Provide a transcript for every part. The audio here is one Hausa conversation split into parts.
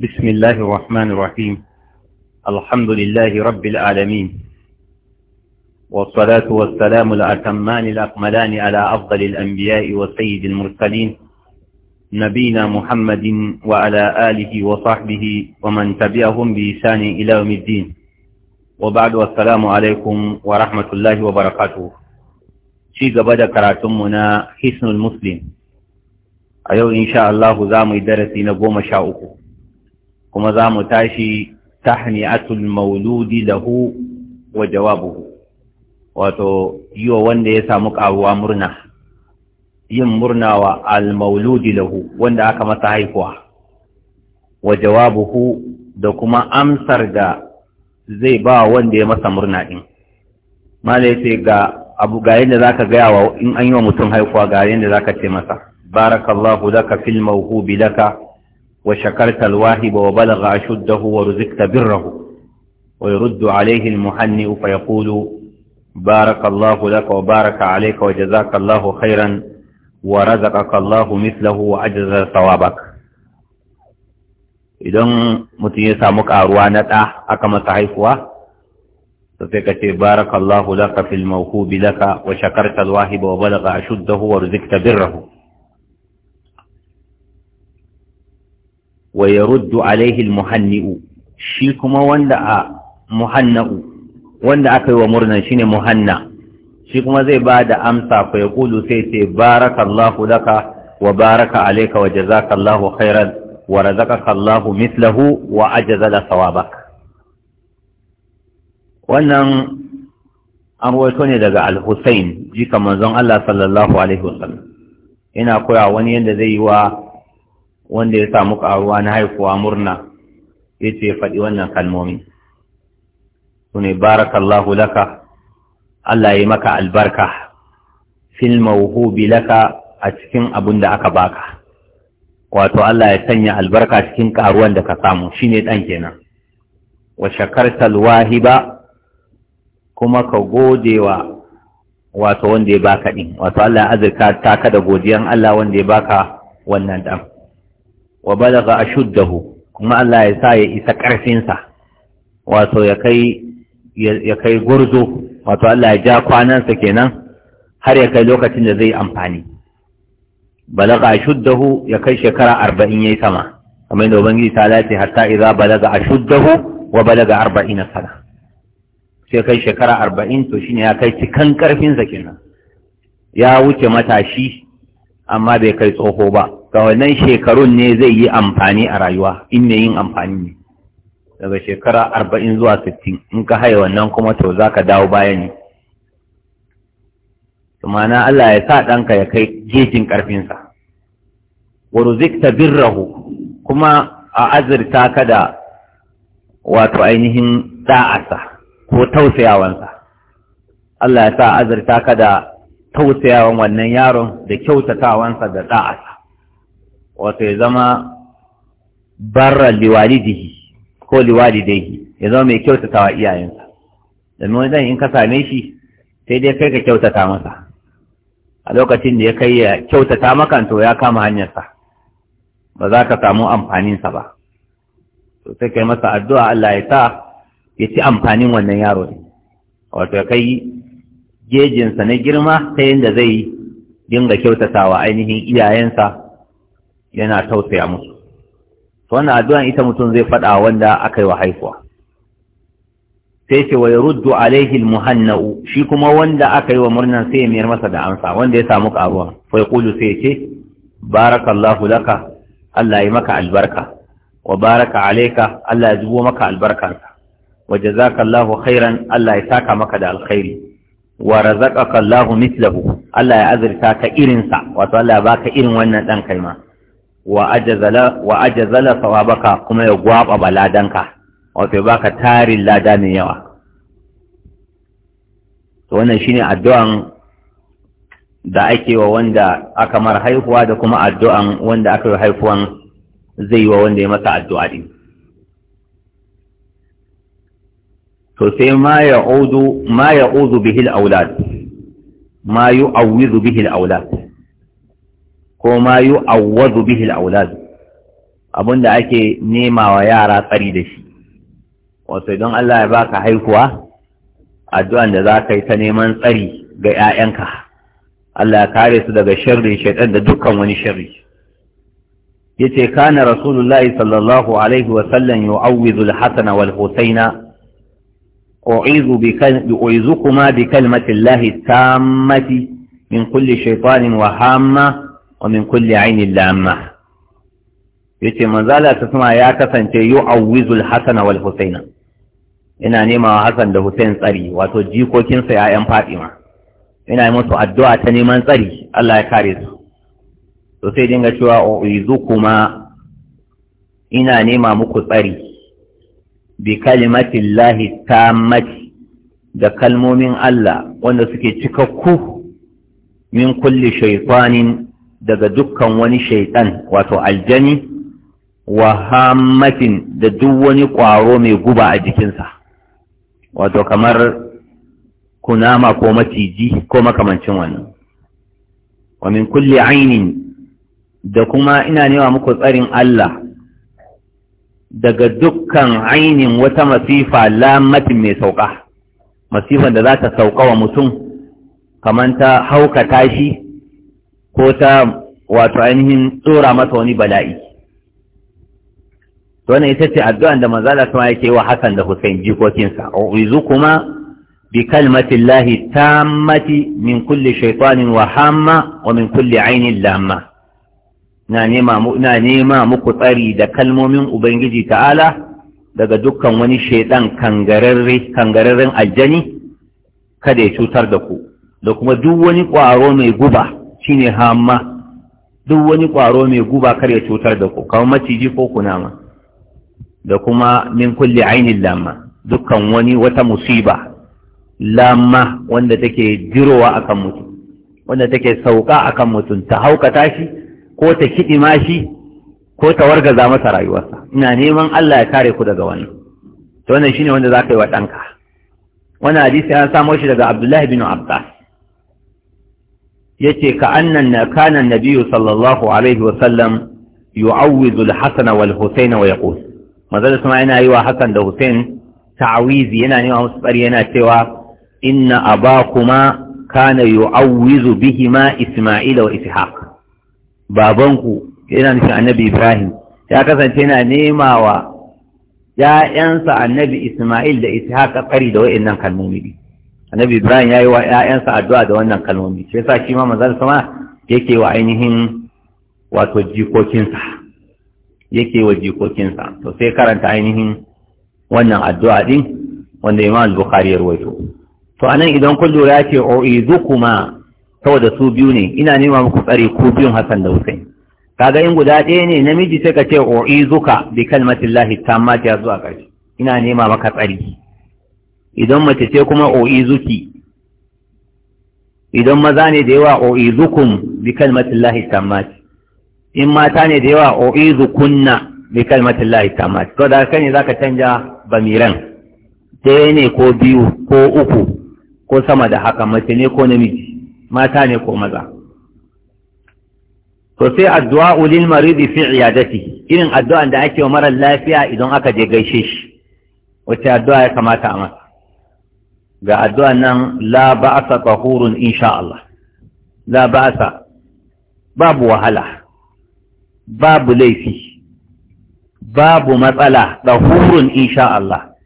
بسم الله الرحمن الرحيم الحمد لله رب العالمين والصلاة والسلام الأتمان الأقملان على أفضل الأنبياء وسيد المرسلين نبينا محمد وعلى آله وصحبه ومن تبعهم بإسان إلى يوم الدين وبعد والسلام عليكم ورحمة الله وبركاته شيء بدأ كراتمنا حسن المسلم أيو إن شاء الله زامي درسي نقوم شاؤكم kuma za mu tashi tahni'atul mauludi lahu wa jawabuhu wato yi wa wanda ya samu ƙaruwa murna yin murna wa al-mauludi lahu wanda aka masa haihuwa wa jawabuhu da kuma amsar da zai ba wanda ya masa murna din mala yace ga abu ga yadda ka gaya wa in an yi wa mutum haihuwa ga yadda zaka ce masa barakallahu daka fil mawhubi laka وشكرت الواهب وبلغ أشده ورزقت بره ويرد عليه المهنئ فيقول بارك الله لك وبارك عليك وجزاك الله خيرا ورزقك الله مثله وأجزل ثوابك idan mutum ya samu karuwa na ɗa aka masa haifuwa to sai ka ce barakallahu laka fil mawhubi laka wa shakarta alwahiba wa balagha ashuddahu wa rizqta birrahu wa yaruddu alaihi Muhanniu, shi kuma wanda a muhanna'u wanda aka yi wa murnan shine muhanna shi kuma zai ba da amsa fa kulu sai sai barakallahu laka wa baraka alayka wa jazakallahu khairan wa razaqaka Allahu mislahu, wa ajzala thawabak wannan an rawaito ne daga al-Husayn jika manzon Allah sallallahu alaihi wasallam ina koya wani yanda zai yi wa wanda ya samu karuwa na haifuwa murna ya ce faɗi wannan kalmomi su ne barakallahu laka Allah ya maka albarka fil mawhubi laka a cikin abin da aka baka wato Allah ya sanya albarka cikin karuwan da ka samu shine ɗan kenan wa shakartal ba kuma ka gode wa wato wanda ya baka din wato Allah ya azurka ta da godiyan Allah wanda ya baka wannan dan wa balaga ashuddahu kuma Allah ya sa ya isa ƙarfinsa wato ya kai ya kai gurzo wato Allah ya ja kwanansa kenan har ya kai lokacin da zai amfani balaga ashuddahu ya kai shekara arba'in ya yi sama kamar yadda ubangiji ta lace hatta idza balaga ashuddahu wa balaga arba'ina sana sai kai shekara arba'in to shine ya kai cikan karfinsa kenan ya wuce matashi amma bai kai tsoho ba wannan shekarun ne zai yi amfani a rayuwa in ne yin amfani ne daga shekara arba'in zuwa sittin in ka haye wannan kuma to za ka dawo baya ne tumana Allah ya sa ɗanka ya kai gejin ƙarfinsa wa ruzikta birrahu kuma a azurta ka da wato ainihin da'asa ko tausayawansa Allah ya sa azurta ka da tausayawan wannan yaron da kyautatawansa da da'asa wato ya zama barra liwalidihi ko liwalidaihi ya zama mai kyautata wa iyayensa domin wani in ka same shi sai dai kai ka kyautata masa a lokacin da ya kai ya kyautata maka to ya kama hanyarsa ba za ka samu amfaninsa ba to sai kai masa addu'a Allah ya sa ya ci amfanin wannan yaro ne wato kai gejinsa na girma ta yadda zai dinga kyautatawa ainihin iyayensa yana tausaya musu wannan addu'an ita mutum zai faɗa wanda aka yi wa haifuwa sai ce wa yaruddu alaihi almuhanna'u shi kuma wanda aka yi wa murnan sai ya miyar masa da amsa wanda ya samu karuwa fa yaqulu sai ce barakallahu laka Allah ya maka albarka wa baraka alayka Allah ya zubo maka albarkarka wa jazakallahu khairan Allah ya saka maka da alkhairi wa razaqaka Allahu mithlahu Allah ya azurta ka irinsa wato Allah ya baka irin wannan dan kaima wa sawa sawabaka kuma ya gwaba baladanka wato baka tarin lada mai yawa to wannan shine addu'an da ake wa wanda aka mara haihuwa da kuma addu'an wanda aka yi haifuwan zai yi wa wanda ya masa addu'a ɗin to sai ma ya'udu ma bihil aulad ma yi bihi al-aulad ko ma yu awwazu bihi al-aulad Abunda ake nema wa yara tsari da shi wato don Allah ya baka haihuwa addu'an da za ka yi ta neman tsari ga 'ya'yanka Allah ya kare su daga sharri shaitan da dukkan wani sharri yace kana rasulullahi sallallahu alaihi wa sallam yu'awwidhu al-hasana wal husaina أعيذ أعيذكما بكلمة الله التامة من كل شيطان وهامة wa min kulli ainin lamma yace manzala ta suna ya kasance yau yu'awwizul hasana wal husaina ina nema wa hasan da husain tsari wato jikokinsa ya'yan fatima ina yi musu addu'a ta neman tsari Allah ya kare su to sai dinga cewa uizu kuma ina nema muku tsari bi kalimatillahi mati. da kalmomin Allah wanda suke cikakku min kulli shaitanin daga dukkan wani shaitan wato aljani wa hammatin da duk wani ƙwaro mai guba a jikinsa wato kamar kunama ko maciji ko makamancin wannan wa min kulli ainin da kuma ina newa muku tsarin Allah daga dukkan ainin wata masifa lamatin mai sauka masifan da za ta sauka wa mutum kamar ta haukata shi ko ta wato ainihin tsora masa wani bala'i to wannan ita ce addu'an da maza Allah kuma yake wa Hassan da Hussein jikokinsa uizu kuma bi kalmatin lahi tammati min kulli shaitanin wa hamma wa min kulli ainihin lamma na nema na nema muku tsari da kalmomin ubangiji ta'ala daga dukkan wani shaidan kangararre kangararren aljani kada ya cutar da ku da kuma duk wani ƙwaro mai guba shine hama. duk wani ƙwaro mai guba kar ya cutar da ku kamar maciji ko kunama da kuma min kulli ainihin lamma dukkan wani wata musiba lamma wanda take jirowa akan mutum wanda take sauka akan mutum ta haukata shi ko ta kidima shi ko ta wargaza masa rayuwarsa ina neman Allah ya kare ku daga wani to wannan shine wanda za ka yi wa ɗanka wannan hadisi an samo shi daga Abdullahi bin Abbas yace ka annan na kana nabiyyu sallallahu alaihi wa sallam yu'awwidu al-hasan wal husayn wa yaqul manzon sama yana yi wa hasan da husayn ta'awizi yana nema musu tsari yana cewa inna abakuma kana yu'awwizu bihima isma'ila wa ishaq babanku yana nufin annabi ibrahim ya kasance yana nema wa ‘ya'yansa annabi Ismail da Ishaq ƙari da wa'in nan kalmomi annabi ibrahim ya yi wa 'ya'yansa addu'a da wannan kalmomi sai sa shi ma manzon sama yake wa ainihin wato jikokinsa yake wa jikokinsa to sai karanta ainihin wannan addu'a din wanda imam al-bukhari ya rawaito to anan idan kun lura ya ce u'idukuma saboda su biyu ne ina nema muku tsari ku biyun Hassan da Hussein kaga in guda ɗaya ne namiji sai ka ce u'izuka bi kalmatillahi tammati ya zuwa ƙarshe ina nema maka tsari idan mace ce kuma zuki, idan maza ne da yawa zukun, bi lahi tammat in mata ne da yawa zukunna, bi lahi tammat to da kai ne zaka canja bamiran ɗaya ne ko biyu ko uku ko sama da haka mace ne ko namiji mata ne ko maza to sai addu'a ulil maridi fi iyadati irin addu'an da ake wa marar lafiya idan aka je gaishe shi wace addu'a ya kamata a masa ga addu'a nan la ba'asa qahurun insha Allah la ba'asa babu wahala babu laifi babu matsala qahurun insha Allah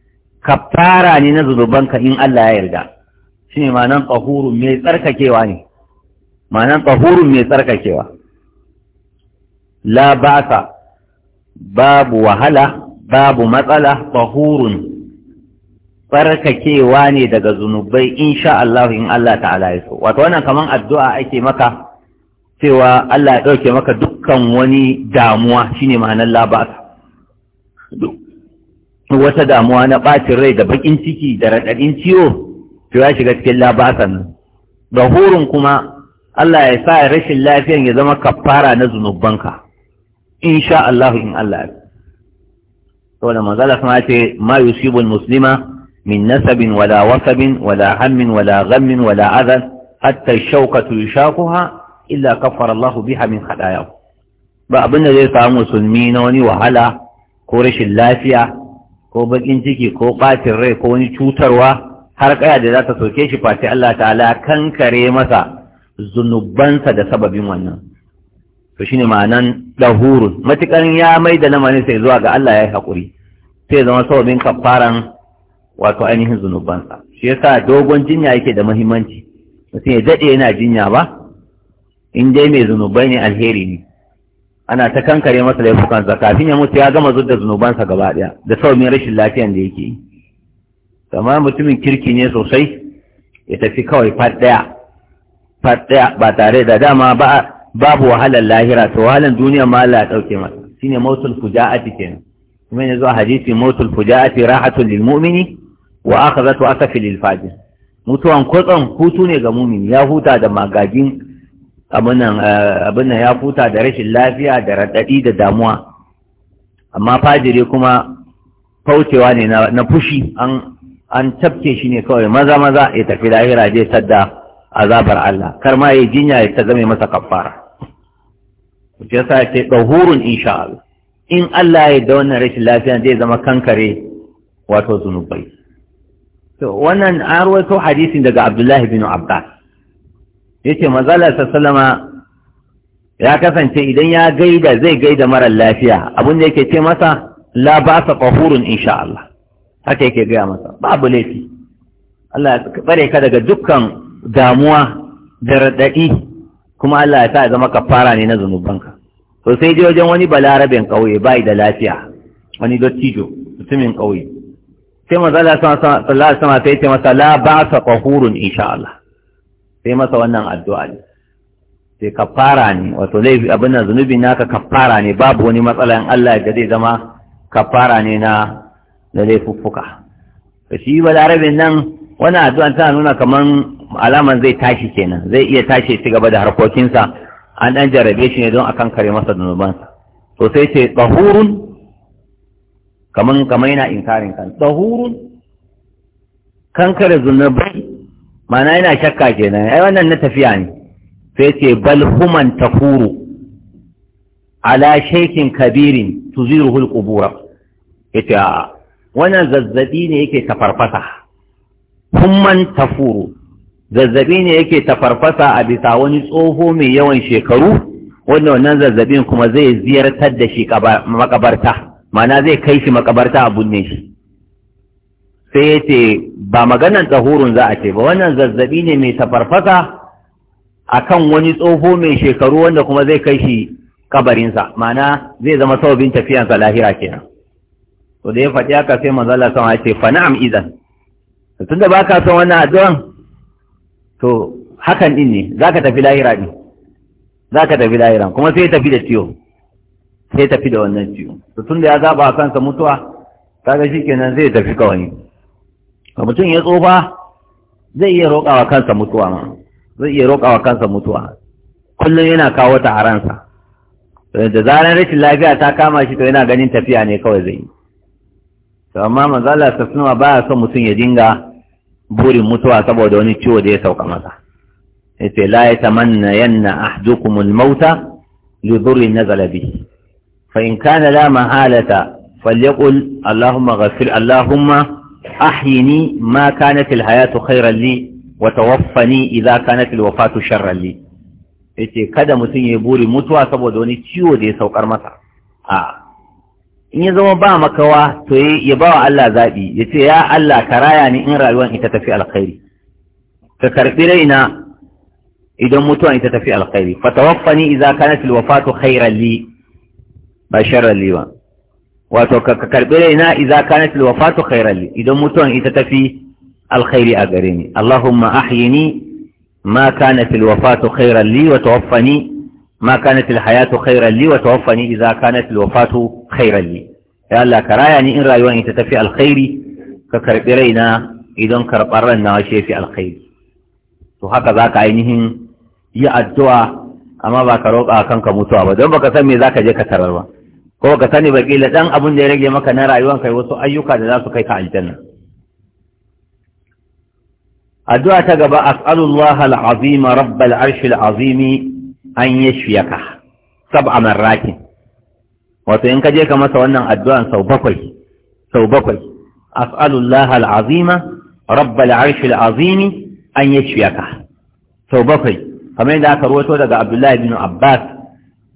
fara ne na ka in Allah ya yarda shine ma'anan tahurun mai tsarkakewa ne ma'anan tahurun mai tsarkakewa la ba'asa babu wahala babu matsala qahurun. barkakewa ne daga zunubai insha Allah in Allah ta'ala ya so wato wannan kaman addu'a ake maka cewa Allah ya dauke maka dukkan wani damuwa shine ma'anar labata wata damuwa na bacin rai da bakin ciki da raɗaɗin ciwo to ya shiga cikin labatan hurun kuma Allah ya sa rashin lafiyan ya zama kafara na zunubanka insha Allah in Allah ya so da manzala sama ce ma yusibul muslima من نسب ولا وسب ولا هم ولا غم ولا عذل حتى الشوكة يشاقها إلا كفر الله بها من خلاياه بأبن ذي سامو سلمين وني وهلا كورش اللافية ko bakin ciki ko ƙatin rai ko wani cutarwa har ƙaya da za ta soke shi fati Allah ta'ala kankare masa zunubansa da sababin wannan to shine ma'anan dahurun matukan ya mai da lamarin sai zuwa ga Allah ya yi haƙuri sai zama sababin kafaran wato ainihin zunubansa shi yasa dogon jinya yake da muhimmanci mutum ya daɗe yana jinya ba in dai mai zunubai ne alheri ne ana ta kankare masa laifukan laifukansa kafin ya mutu ya gama da zunubansa gaba ɗaya da saumin rashin lafiyan da yake yi kamar mutumin kirki ne sosai ya tafi kawai fat ɗaya fat ɗaya ba tare da dama ba babu wahalar lahira to wahalar duniya ma Allah ya ɗauke masa shine mautul fuja'ati kenan kuma yanzu a hadisi mautul fuja'ati rahatul lil mu'mini wa aka zato aka lil fajir mutuwan kwatsan hutu ne ga mumin ya huta da magagin abin eh, ya huta da rashin lafiya da raɗaɗi da damuwa amma fajiri kuma faucewa ne na fushi an tafke shi ne kawai maza maza ya tafi lahira je sadda azabar Allah kar ma ya jinya ya ta zame masa kafara wuce sa ce ɗahurun insha Allah in Allah ya da wannan rashin lafiya zai zama kankare wato zunubai to wannan an rawaito hadisin daga Abdullahi bin Abbas yace manzala sallama ya kasance idan ya gaida zai gaida marar lafiya abin da yake ce masa la ba sa qahurun insha Allah haka yake gaya masa babu laifi Allah ya bare ka daga dukkan damuwa da raɗaɗi kuma Allah ya sa ya zama kafara ne na zunubanka to sai je wajen wani balarabin ƙauye bai da lafiya wani dattijo, mutumin ƙauye sai mazala sallallahu alaihi wasallam sai ya ce masa la ba'sa qahurun insha Allah sai masa wannan addu'a ne sai kafara ne wato laifi abin nan zunubi naka kafara ne babu wani matsala in Allah ya zai zama kafara ne na na laifuffuka to shi rabin nan wannan addu'a tana nuna kaman alaman zai tashi kenan zai iya tashi ci gaba da harkokinsa an dan jarabe shi ne don akan kare masa zunubansa to sai ce qahurun kaman kaman yana inkarin kan tahurun kankare zunubai mana yana shakka kenan ai wannan na tafiya ne sai ce bal human tahuru ala shaykin kabirin tuziruhu alqubura yace wannan zazzabi ne yake tafarfasa humman tafuru zazzabi ne yake tafarfasa a bisa wani tsoho mai yawan shekaru wannan zazzabin kuma zai ziyartar da shi makabarta Ma'ana zai kai shi makabarta a bunne shi sai ya ce ba maganan tsahurun za a ce ba wannan zazzabi ne mai tafarfasa a kan wani tsoho mai shekaru wanda kuma zai kai shi kabarinsa mana zai zama sababin tafiyansa lahira kenan to da ya faɗi haka sai manzala sama ya ce fa idan tunda da baka son wannan addu'an to hakan din ne za ka tafi lahira din za ka tafi lahira kuma sai ya tafi da ciwo sai tafi da wannan ciwo to tunda ya zaba a kansa mutuwa kaga shikenan zai tafi kawai to mutum ya tsofa zai iya roƙawa kansa mutuwa ma zai iya roƙawa kansa mutuwa kullum yana kawo ta a da zarar rashin lafiya ta kama shi to yana ganin tafiya ne kawai zai yi to amma manzo Allah baya son mutum ya dinga burin mutuwa saboda wani ciwo da ya sauka masa yace la yatamanna yanna ahdukumul mauta li dhurri nazala فإن كان لا محالة فليقل اللهم غفر اللهم أحيني ما كانت الحياة خيرا لي وتوفني إذا كانت الوفاة شرا لي yace kada mutum ya buri mutuwa saboda wani ciwo da ya saukar masa a in ya zama ba makawa to ya ba wa Allah zaɓi ya ce ya Allah ka raya ni in rayuwar ita tafi alkhairi ka karɓi raina idan mutuwa ita tafi alkhairi fa tawaffani idza kanat alwafatu khairan li ba sharrali ba wato ka karɓi raina idza kanat alwafatu khairan li idan mutuwan ita tafi alkhairi a gare ni allahumma ahyini ma kanat alwafatu khairan li wa tawaffani ma kanat alhayatu khairan li wa tawaffani idza kanat alwafatu khairan li ya Allah raya ni in rayuwar ita tafi alkhairi ka karɓi raina idan karɓar ran na washe fi alkhairi to haka za ka ainihin yi addu'a amma ba ka roƙa kanka mutuwa ba don baka ka san me zaka je ka tarar ba ko ka sani ba kila dan abun da ya rage maka na rayuwar kai wasu ayyuka da za su kai ka aljanna addu'a ta gaba as'alullaha al-azim rabbal arshil azimi an yashfiyaka sab'a marratin wato in ka je ka masa wannan addu'an sau bakwai sau bakwai as'alullaha al'azima rabbal arshil azimi an yashfiyaka sau bakwai kamar yadda aka ruwato daga abdullahi bin abbas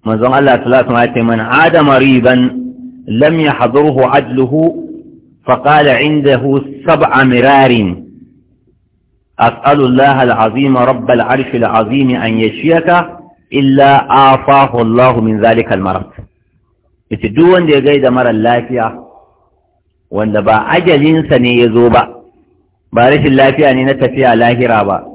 manzon Allah الله alaihi wasallam من عاد مريبا لم يحضره عدله فقال عنده سبع مرار أسأل الله العظيم رب العرش العظيم أن يشفيك إلا أعطاه الله من ذلك المرض يتدون دي غير مر اللافية وان با أجل إنسان يزوب بارش اللافية أن نتفيع على هرابا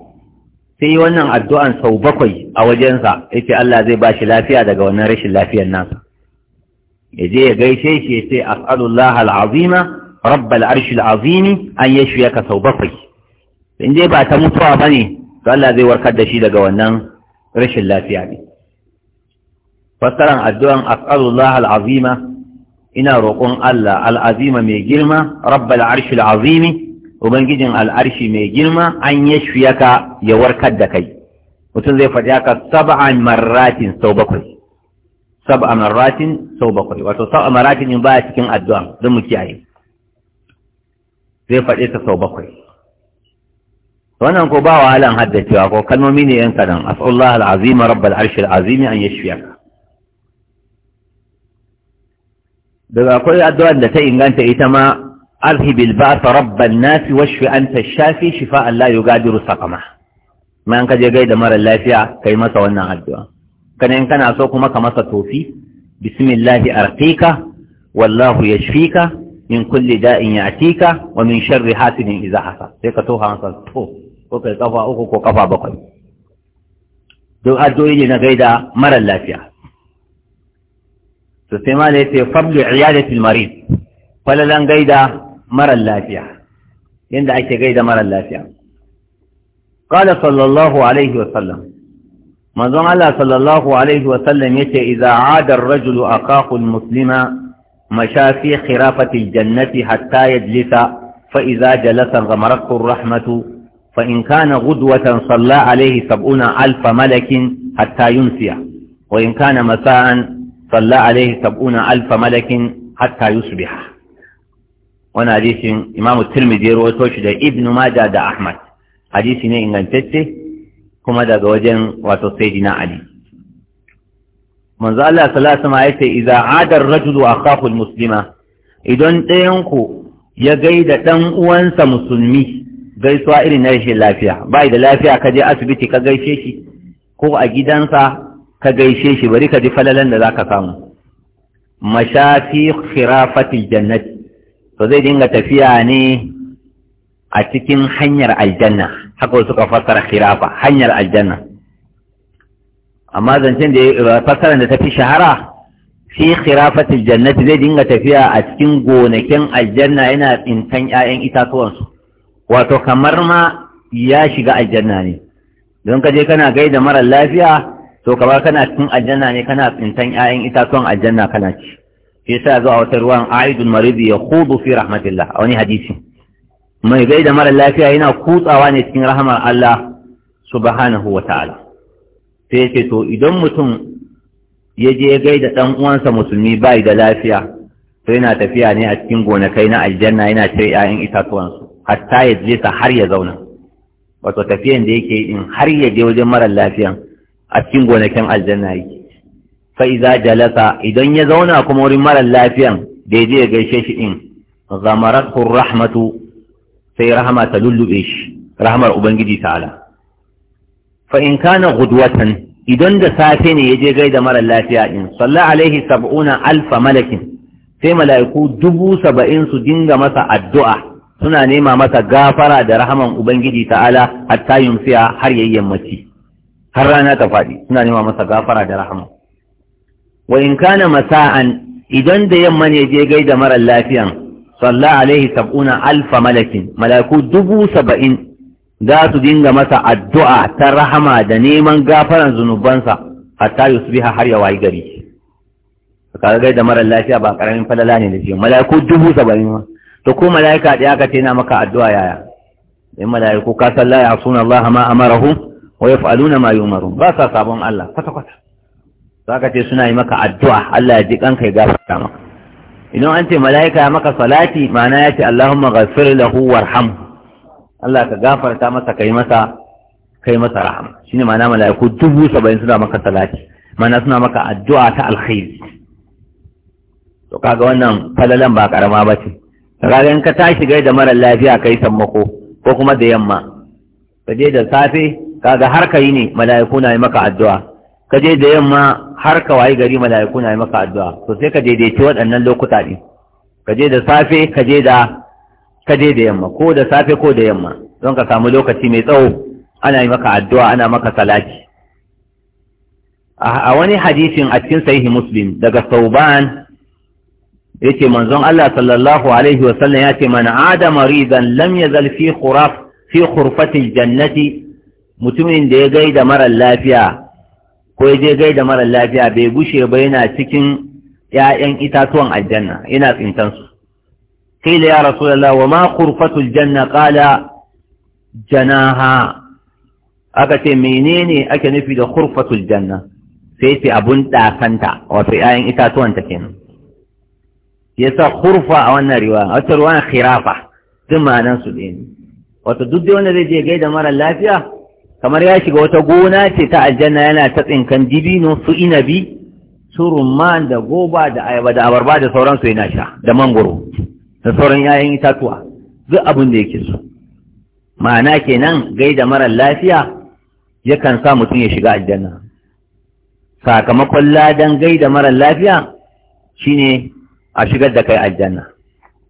sai wannan addu'an sau bakwai a wajensa yace Allah zai shi lafiya daga wannan rashin lafiyar nasa yaje ya gaishe shi yace as'alullah al'azima rabbal arshil azim an yashfiyaka sau bakwai in dai ba ta mutuwa ne, to Allah zai warkar da shi daga wannan rashin lafiya ne fassaran addu'an as'alullah al'azima ina roƙon Allah al'azima mai girma rabbal arshil azimi ubangijin al'arshi mai girma an shuyaka ya warkar da kai mutum zai faɗi haka sab'an maratin sau bakwai sab'an maratin sau bakwai wato sab'an maratin in baya cikin addu'a don mu kiyaye zai faɗi ta sau bakwai wannan ko ba halin haddacewa ko kalmomi ne yan kadan as'allahu al'azima rabbal arshi azimi an shuyaka. daga akwai addu'ar da ta inganta ita ma اذهب الباس رب الناس واشف انت الشافي شفاء لا يقادر سقمه ما انك جاي قيد مر الله فيها كي ما سوى النهار كان ان كان اسوك ما كما ستوفي بسم الله ارقيك والله يشفيك من كل داء يأتيك ومن شر حاسد اذا حصل سيك توها انسا اوه اوكي قفا اوكو قفا بقل دو ادو ايلي نقيد مر الله فيها سيما ليس فضل عيادة المريض فلا لان قيد مرى اللافية يندع تقيد مرى اللافية قال صلى الله عليه وسلم من ظن الله صلى الله عليه وسلم يتي إذا عاد الرجل أقاق المسلم مشى في خرافة الجنة حتى يجلس فإذا جلس غمرته الرحمة فإن كان غدوة صلى عليه سبعون ألف ملك حتى ينسي وإن كان مساء صلى عليه سبعون ألف ملك حتى يصبح wani hadisin imamu tirmidhi ya rawaito shi da ibn maja da ahmad hadisi ne ingantacce kuma daga wajen wato sayyidina ali manzo Allah sallallahu alaihi wasallam yace idza ada ar-rajulu akhahu al-muslima idan dayanku ku ya gaida dan uwansa musulmi gaisuwa irin na rashin lafiya bai da lafiya ka je asibiti ka gaishe shi ko a gidansa ka gaishe shi bari ka ji falalan da zaka samu mashafi khirafati jannati to zai dinga tafiya ne a cikin hanyar aljanna haka suka fassara khirafa hanyar aljanna amma zancen da fassara da tafi shahara fi khirafatil jannati zai dinga tafiya a cikin gonakin aljanna yana tsintan ƴaƴan su? wato kamar ma ya shiga aljanna ne don ka je kana gaida mara lafiya to kamar kana cikin aljanna ne kana tsintan ƴaƴan itatuwan aljanna kana ci shi yasa zuwa wata ruwan aidul maridi ya hudu fi rahmatillah a wani hadisi mai gai da mara lafiya yana kutsawa ne cikin rahamar Allah subhanahu wa ta'ala sai ce to idan mutum ya je gai da ɗan uwansa musulmi bai da lafiya to yana tafiya ne a cikin gonakai na aljanna yana cire 'ya'yan itatuwansu hatta ya je ta har ya zauna wato tafiyan da yake in har ya je wajen mara lafiyan a cikin gonakin aljanna yake fa iza jalasa idan ya zauna kuma wurin mara lafiyan da ya je gaishe shi in. zamaratu rahmatu sai rahama ta lullube shi rahmar ubangiji ta'ala fa in kana ghudwatan idan da safe ne ya je gaida mara lafiya din salla alaihi sab'una alfa malakin sai mala'iku dubu saba'in su dinga masa addu'a suna nema masa gafara da rahaman ubangiji ta'ala hatta yumsiya har yayyan mace har rana ta faɗi suna nema masa gafara da rahama wa in kana masa'an idan da yamma ne je gaida mara lafiyan salla alaihi sab'una alfa malakin malaku dubu saba'in za su dinga masa addu'a ta rahama da neman gafaran zunubansa hatta yusbiha har ya wayi gari kaga gaida mara lafiya ba karamin falala ne da shi malaku dubu saba'in ma to ko malaika da aka ce na maka addu'a yaya in malaiku ka salla ya suna Allah ma amarahum wa yaf'aluna ma yumarun ba sa sabon Allah kwata kwata zaka ce suna yi maka addu'a Allah ya ji kanka ya gafarta maka idan an ce mala'ika ya maka salati ma'ana ya ce Allahumma ghafir lahu warham Allah ka gafarta masa kai masa kai masa rahama shine ma'ana mala'iku dubu saba'in suna maka salati ma'ana suna maka addu'a ta alkhairi to kaga wannan falalan ba karama ba ce kaga in ka tashi gai da mara lafiya kai sammako ko kuma da yamma ka je da safe kaga har kai ne mala'iku na yi maka addu'a ka je da yamma har ka wayi gari mala'iku na yi maka addu'a to sai ka daidaici waɗannan lokuta ne ka je da safe ka je da ka je da yamma ko da safe ko da yamma don ka samu lokaci mai tsawo ana yi maka addu'a ana maka salati a wani hadisin a cikin sahihi muslim daga sauban yace manzon Allah sallallahu alaihi wa sallam yace man ada maridan lam yazal fi khuraf fi khurfati jannati mutumin da ya gaida mara lafiya ko ya je gaida mara lafiya bai gushe ba yana cikin ‘ya'yan itatuwan aljanna yana tsintansu. Kai da ya Rasulallah wa ma kurfatul janna ƙala janaha aka ce menene ake nufi da kurfatul janna sai ce abun ɗakanta wato ‘ya'yan itatuwan ta kenan. Ya sa kurfa a wannan riwa, wata ruwan khirafa, duk ma'anansu ne. Wata duk da wanda zai je gaida mara lafiya kamar ya shiga wata gona ce ta aljanna yana ta tsinkan dibino su inabi su rumman da goba da ayaba da abarba da sauransu yana sha da mangoro da sauran 'ya'yan itatuwa duk abin da yake so ma'ana kenan da mara lafiya yakan sa mutum ya shiga aljanna sakamakon ladan da mara lafiya shine a shigar da kai aljanna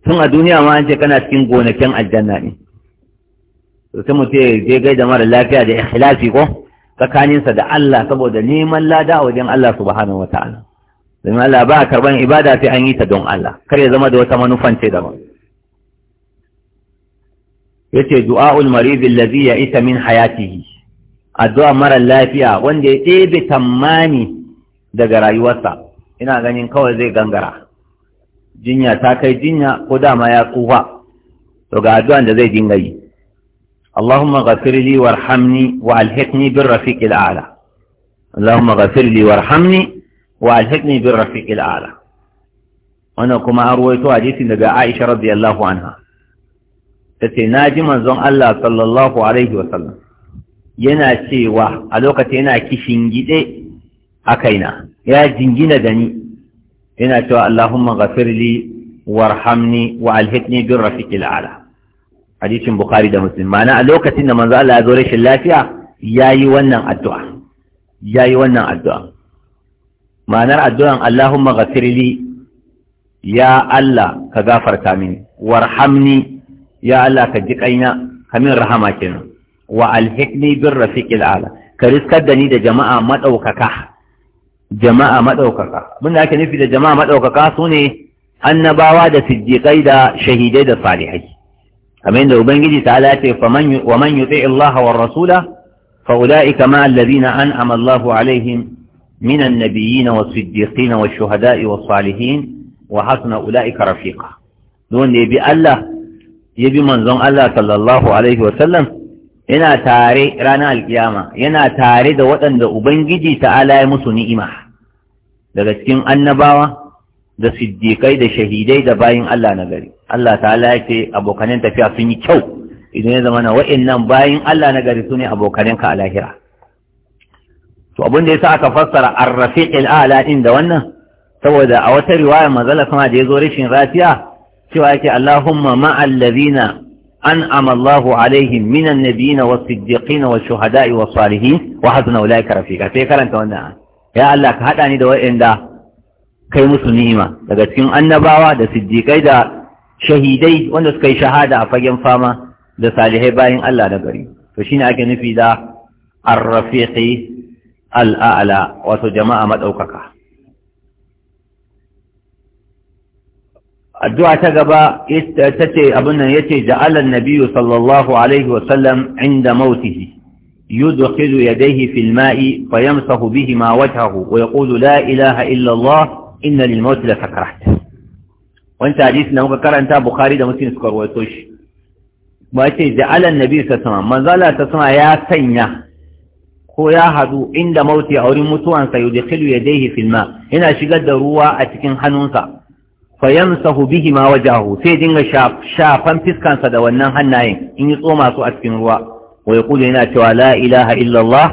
tun a duniya ma an ce kana cikin gonakin aljanna ne sai mu ce je gaida mara lafiya da ikhlasi ko tsakaninsa da Allah saboda neman lada a wajen Allah subhanahu wataala domin Allah ba karban ibada sai an yi ta don Allah kar ya zama da wata manufan ce daban Ya yace du'aul marid allazi ita min hayatihi addu'a mara lafiya wanda ya ɗebe tammani daga rayuwarsa ina ganin kawai zai gangara jinya ta kai jinya ko dama ya tsufa to ga addu'an da zai dinga yi اللهم غفر لي وارحمني وألحقني بالرفيق الأعلى اللهم غفر لي وارحمني وألحقني بالرفيق الأعلى وأنا كما أرويت حديث النبي عائشة رضي الله عنها تتناجي من زون الله صلى الله عليه وسلم yana cewa a lokacin yana kishin gide a kaina ya jingina da ni yana cewa Allahumma ghafirli warhamni wa alhitni bin rafiqil ala hadisin bukhari da muslim ma'ana a lokacin da manzo Allah ya zo rashin lafiya yayi wannan addu'a yayi wannan addu'a ma'anar addu'an Allahumma ghafirli ya Allah ka gafarta mini warhamni ya Allah ka ji kaina kamin rahama kenan wa alhiqni bir rafiqil ala ka riskar da ni da jama'a madaukaka jama'a madaukaka mun da ake nufi da jama'a madaukaka sune annabawa da siddiqai da shahidai da salihai kamar da ubangiji ta ce wa man yuti Allah wa rasula fa ulaika ma allazina an'ama Allahu alaihim من النبيين والصديقين والشهداء والصالحين وحسن أولئك رفيقا دون يبي الله يبي منظم الله صلى الله عليه وسلم yana tare ranar alkiyama yana tare da waɗanda ubangiji ta'ala ya musu ni'ima daga cikin annabawa da siddiƙai da shahidai da bayin Allah na gari Allah ta'ala ya ce abokanin tafiya sun yi kyau idan ya zama na wa'annan bayin Allah na gari su ne abokaninka a lahira to abin da sa aka fassara arrafi al'ala ala din da wannan saboda a wata riwaya mazala sama da ya zo rashin rafiya cewa yake Allahumma ma'al ladina an'ama Allahu alaihim minan nabiyina was-siddiqina wash-shuhada'i was-salihin wa hasuna ulaika rafiqa sai karanta wannan ya Allah ka hada ni da wa'inda? kai musu ni'ima daga cikin annabawa da siddiƙai da shahidai wanda suka yi shahada a fagen fama da salihai bayan Allah da gari to shine ake nufi da ar-rafiqi al-a'la wato jama'a madaukaka addu'a ta gaba tace abin nan yace ja'ala an-nabiyyu sallallahu alaihi wa sallam 'inda mautihi يدخل يديه في الماء فيمسح بهما وجهه ويقول لا إله إلا الله inna lil maut la sakarat wancan hadisi da muka karanta bukhari da muslim suka rawaito shi ba ce da alan nabi sallallahu alaihi wasallam manzala ta sama ya sanya ko ya hadu inda mauti a wurin sa, yudkhilu yadayhi fil ma yana shigar da ruwa a cikin hannunsa fayamsahu bihi ma wajahu sai dinga shafan fiskansa da wannan hannayen in yi tsoma su a cikin ruwa wa yaqulu yana cewa la ilaha illallah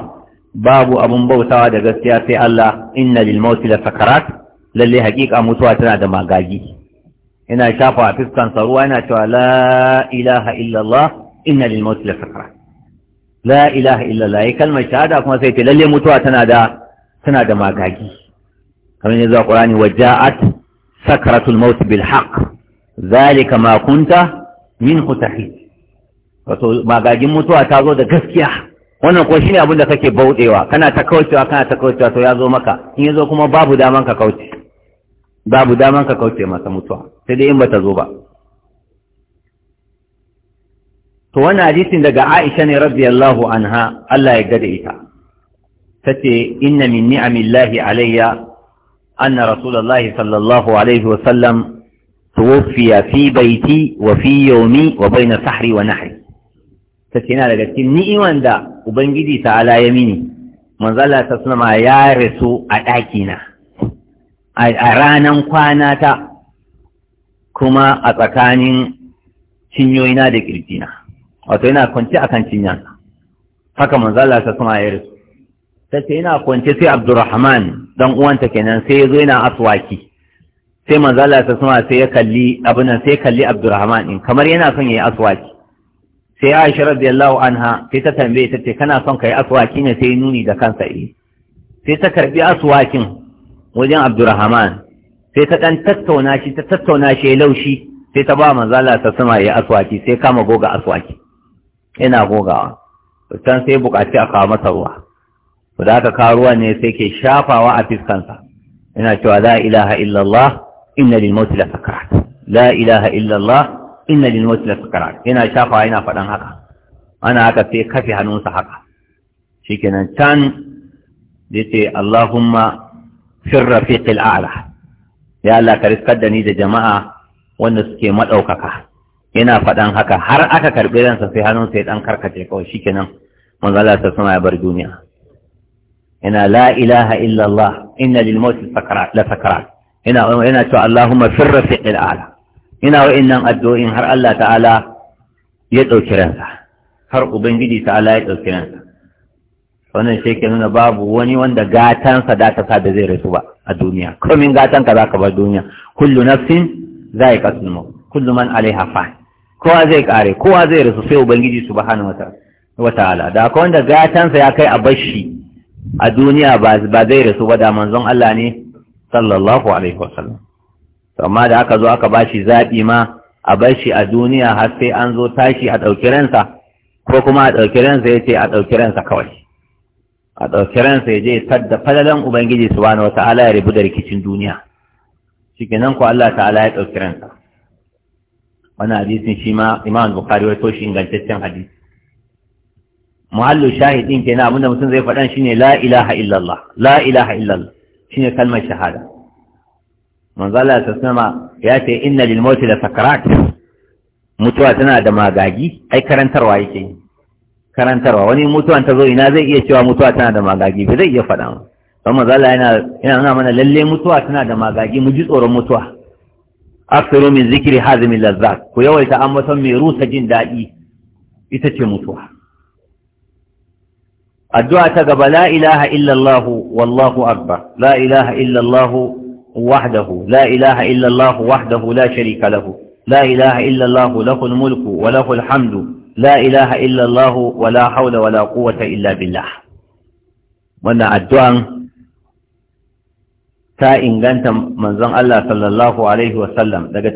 babu abun bautawa da gaskiya sai Allah inna lil mauti la sakarat lalle haƙiƙa mutuwa tana da magagi Ina shafa a fiskan ruwa Ina cewa la ilaha illallah inna lil mauti sakara la ilaha illallah yayi kalmar shahada kuma sai ta lalle mutuwa tana da tana da magagi kamar yanzu a Qur'ani waja'at sakratul maut bil haqq zalika ma kunta min tahid wato magagin mutuwa ta zo da gaskiya wannan ko shine abin da kake baudewa kana ta kaucewa kana ta kaucewa to ya zo maka in ya zo kuma babu daman ka kauce babu daman ka kauce masa mutuwa sai dai in bata zo ba to wani hadisin daga Aisha ne radiyallahu anha Allah ya gada ita tace inna min ni'amillahi alayya anna rasulullahi sallallahu alaihi wa sallam tuwfiya fi baiti wa fi yawmi wa baina sahri wa nahri tace ina daga cikin ni'iman da ubangiji ta ala ya mini manzo Allah ta sunama ya rasu a ɗakina a ranan kwana ta kuma a tsakanin cinyoyina da ƙirjina wato yana kwanci akan cinyan haka manzala ta suna ya rasu ta ce yana kwance sai abdurrahman dan uwanta kenan sai ya zo yana aswaki sai manzala ta suna sai ya kalli abin sai ya kalli abdurrahman din kamar yana son yayi aswaki sai aisha an anha sai ta tambaye ta ce kana son ka yi aswaki ne sai nuni da kansa eh sai ta karbi aswakin wajen abdurrahman sai ta ɗan tattauna shi ta tattauna shi laushi sai ta ba manzala ta sama ya aswaki sai kama goga aswaki Ina gogawa can sai buƙaci a kawo masa ruwa Ku da aka kawo ruwa ne sai ke shafawa a fiskansa yana cewa la ilaha illallah inna lil mauti la sakarat la ilaha illallah inna lil la sakarat yana shafawa yana faɗan haka ana haka sai kafe hannunsa haka shikenan can da allahumma fi rafiq al'ala ya Allah ka riskar da ni da jama'a wanda suke madaukaka Ina faɗan haka har aka karɓi ransa sai hannun sai dan karkace kawai shikenan manzo Allah ta sama ya bar duniya Ina la ilaha illa Allah inna lil maut sakarat la sakarat ina ina cewa Allahumma fi rafiq al'ala ina wa'annan addu'o'in har Allah ta'ala ya dauki ransa har ubangiji ta'ala ya dauki ransa wannan shi ke nuna babu wani wanda gatansa da ta sa da zai rasu ba a duniya komin gatanka za ka bar duniya kullu nafsin za yi kasu mu kullu man alaiha fa kowa zai kare kowa zai rasu sai ubangiji subhanahu wataala da akwai wanda gatansa ya kai a bashi a duniya ba zai rasu ba da manzon Allah ne sallallahu alaihi wasallam amma da aka zo aka bashi zaɓi ma a bashi a duniya har sai an zo tashi a ɗauki ransa ko kuma a ɗauki ransa ya ce a ɗauki ransa kawai a ɗauki ransa ya je sadda falalan ubangiji su subhanahu wata'ala ya rubu da rikicin duniya shikenan ko Allah ta'ala ya ɗauki ransa Wani hadisin shi ma imam bukhari wato shi ingantaccen hadisi muhallu shahidin kenan abinda mutum zai faɗan shine la ilaha illallah la ilaha illallah shine kalmar shahada manzo Allah ta sama ya ce inna lil mauti la sakarat mutuwa tana da magagi ai karantarwa yake yi. karantarwa wani mutuwan ta zo ina zai iya cewa mutuwa tana da magagi ba zai iya faɗa ma amma zala yana yana nuna mana lalle mutuwa tana da magagi mu ji tsoron mutuwa aktaru min zikiri hazimil lazzat ku yawaita ambaton mai rusa jin daɗi ita ce mutuwa addu'a ta gaba la ilaha illallahu wallahu akbar la ilaha illallahu wahdahu la ilaha illallahu wahdahu la sharika lahu la ilaha illallah lahul mulku wa lahul hamdu la ilaha illallahu la haula la quwwata illa billah wannan addu'an ta inganta manzon Allah sallallahu alaihi wasallam daga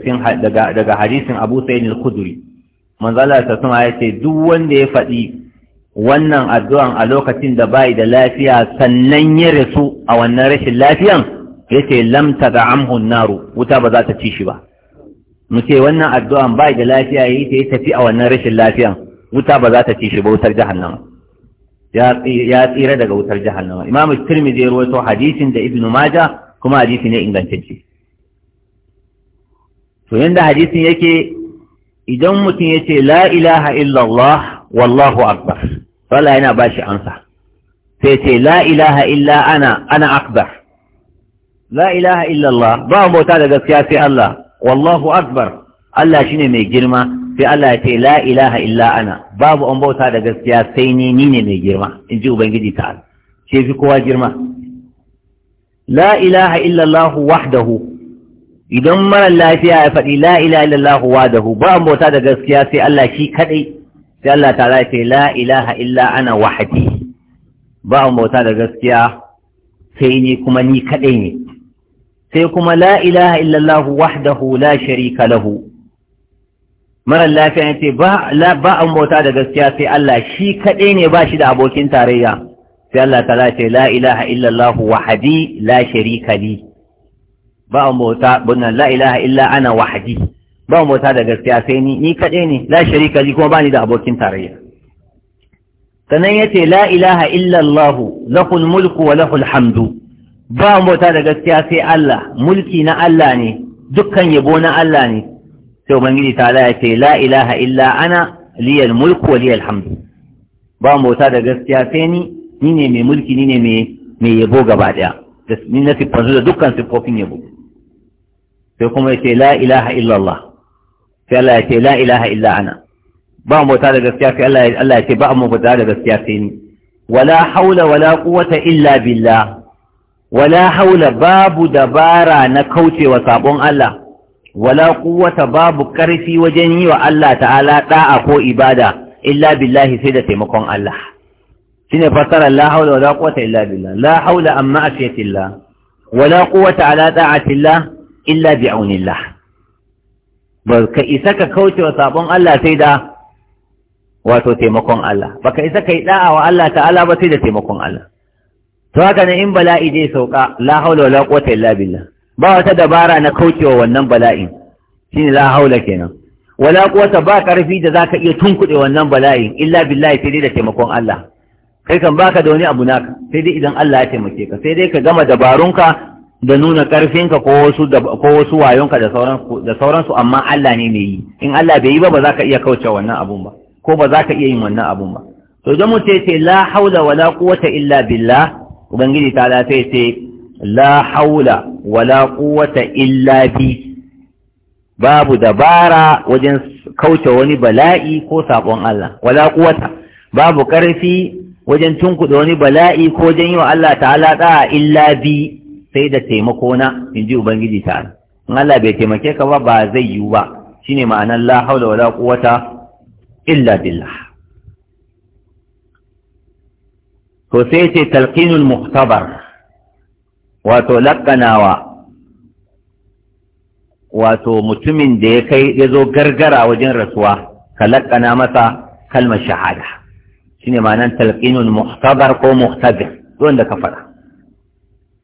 daga hadisin Abu Sayyid al-Khudri manzon Allah sallallahu alaihi ce duk wanda ya faɗi wannan addu'an a lokacin da bai da lafiya sannan ya rasu a wannan rashin lafiyan ce lam ga Amhun naru wuta ba za ta ci shi ba mu ce wannan addu'an ba da lafiya yayi ta yi tafi a wannan rashin lafiya wuta ba za ta ci shi ba wutar jahannama ya tsira daga wutar jahannama imamu tirmidhi ya rawaito hadisin da ibnu maja kuma hadisi ne ingantacce to yanda hadisin yake idan mutum ya ce la ilaha illallah wallahu akbar wala yana ba shi ansa sai ce la ilaha illa ana ana akbar la ilaha illallah ba mu bauta da gaskiya sai Allah wallahu akbar Allah shine mai girma sai Allah ya ce la ilaha illa ana babu an bauta da gaskiya sai ni ni ne mai girma in ji ubangiji ta'ala ce fi kowa girma la ilaha illa Allah wahdahu idan mara lafiya ya faɗi la ilaha illa illallah wahdahu ba an bauta da gaskiya sai Allah shi kadai sai Allah ta ya ce la ilaha illa ana wahdi ba an bauta da gaskiya sai ni kuma ni kadai ne sai kuma la ilaha illallah wahdahu la sharika lahu mara lafiya ya ce ba an bauta da gaskiya sai Allah shi kaɗai ne ba shi da abokin tarayya sai Allah ta ce la ilaha illallah wahadi la sharika li ba an bauta bunna la ilaha illa ana wahadi ba an bauta da gaskiya sai ni ni kaɗai ne la sharika li kuma ba ni da abokin tarayya sannan ya ce la ilaha illallah lahul mulku wa lahul hamdu ba bauta da gaskiya sai Allah mulki na Allah ne dukkan yabo na Allah ne sai ubangiji ta ya ce la ilaha illa ana liyal mulku wa liyal hamdu ba bauta da gaskiya sai ni ni ne mai mulki ni ne mai yabo gaba daya ni na siffansu da dukkan siffofin yabo sai kuma ya ce la ilaha illa Allah sai Allah ya ce la ilaha illa ana ba bauta da gaskiya sai Allah ya ce ba mu bauta da gaskiya sai ni wala haula wala quwwata illa billah wala haula babu dabara na kaucewa sabon Allah wala quwwata babu karfi wajen yi wa Allah ta'ala da'a ko ibada illa billahi sai da taimakon Allah shine fasarar la haula wala quwwata illa billah la haula amma asiyatillah wala quwwata ala ta'atillah illa bi'aunillah ba ka isa ka kaucewa sabon Allah sai da wato taimakon Allah baka isa kai da'a wa Allah ta'ala ba sai da taimakon Allah to haka ne in bala'i zai sauka la haula wala quwwata illa billah ba wata dabara na kaucewa wannan bala'in shine la haula kenan wala quwwata ba karfi da zaka iya tunkuɗe wannan bala'in illa billahi sai dai da taimakon Allah kai kan baka da wani abu naka sai dai idan Allah ya taimake ka sai dai ka gama dabarunka da nuna karfinka ko wasu ko wasu wayonka da sauran da sauransu amma Allah ne mai yi in Allah bai yi ba ba za ka iya kaucewa wannan abun ba ko ba za ka iya yin wannan abun ba to idan mutum ce la haula wala quwwata illa billah ubangiji ta sai ce la haula wala quwwata illa bi babu dabara wajen kauce wani bala'i ko saƙon Allah wala quwwata babu karfi wajen tunkuɗe wani bala'i ko wajen yi wa Allah ta'ala a illa bi sai da taimako na inji ubangiji ta'ala in Allah bai taimake ka ba ba zai yiwu ba shine ma'anar la haula wala quwwata illa billah to sai ce talqinul muhtabar wato laƙanawa wato mutumin da ya kai ya zo gargara wajen rasuwa ka laƙana masa kalmar shahada shine ma'anar talqinul muhtabar ko muhtabir wanda ka faɗa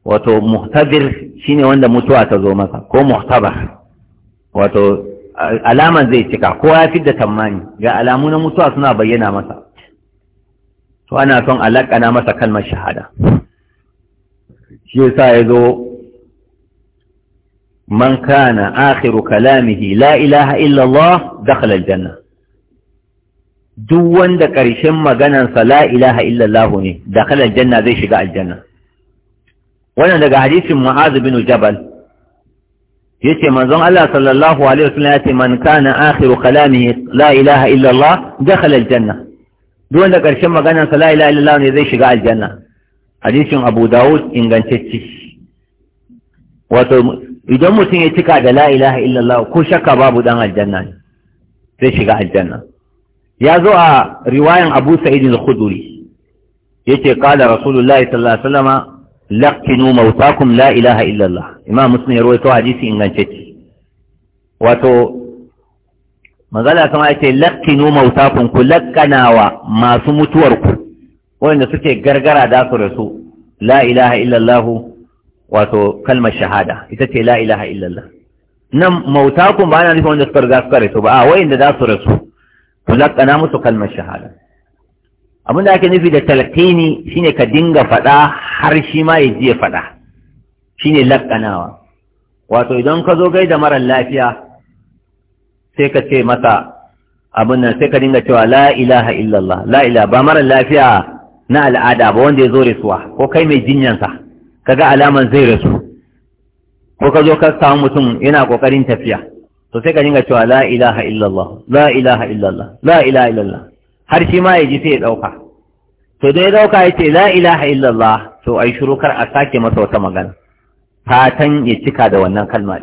wato muhtabir shine wanda mutuwa ta zo masa ko muhtabar wato alaman zai cika kowa ya fi da tammani ga alamu na mutuwa suna bayyana masa to ana son a laƙana masa kalmar shahada shi yasa ya zo man kana akhiru kalamihi la ilaha illallah dakhala aljanna duk wanda ƙarshen maganarsa la ilaha illallah ne dakhala aljanna zai shiga aljanna wannan daga hadisin mu'az bin jabal yace manzon Allah sallallahu alaihi wasallam yace man kana akhiru kalamihi la ilaha illallah dakhala aljanna duk wanda ƙarshen maganar sa la ilaha illallah ne zai shiga aljanna hadisin Abu Dawud ingantacce wato idan mutum ya cika da la ilaha illallah ko shakka babu dan aljanna ne zai shiga aljanna ya zo a riwayan Abu Sa'id al-Khudri yace qala Rasulullahi sallallahu alaihi wasallama laqinu mautakum la ilaha illallah imam muslim ya rawaito hadisi ingantacce wato magana kama ya ce lakkinu mautakun ku lakkanawa masu mutuwarku wanda suke gargara da su rasu la ilaha illallahu wato kalmar shahada ita ce la ilaha illallah nan mautakun ba na nufin wanda suka riga suka rasu ba a wayanda za su rasu ku lakkana musu kalmar shahada abin da ake nufi da talqini shine ka dinga faɗa har shi ma ya ji ya faɗa shine lakkanawa wato idan ka zo gaida mara lafiya sai ka ce masa abin nan sai ka dinga cewa la ilaha illallah la ilaha ba mara lafiya na al'ada ba wanda ya zo resuwa ko kai mai jinyansa Ka ga alaman zai rasu ko ka zo ka samu mutum yana kokarin tafiya to sai ka dinga cewa la ilaha illallah la ilaha illallah la ilaha illallah har shi ma ya ji sai ya dauka to dai dauka ya ce la ilaha illallah to ai shiru kar a sake masa wata magana fatan ya cika da wannan kalma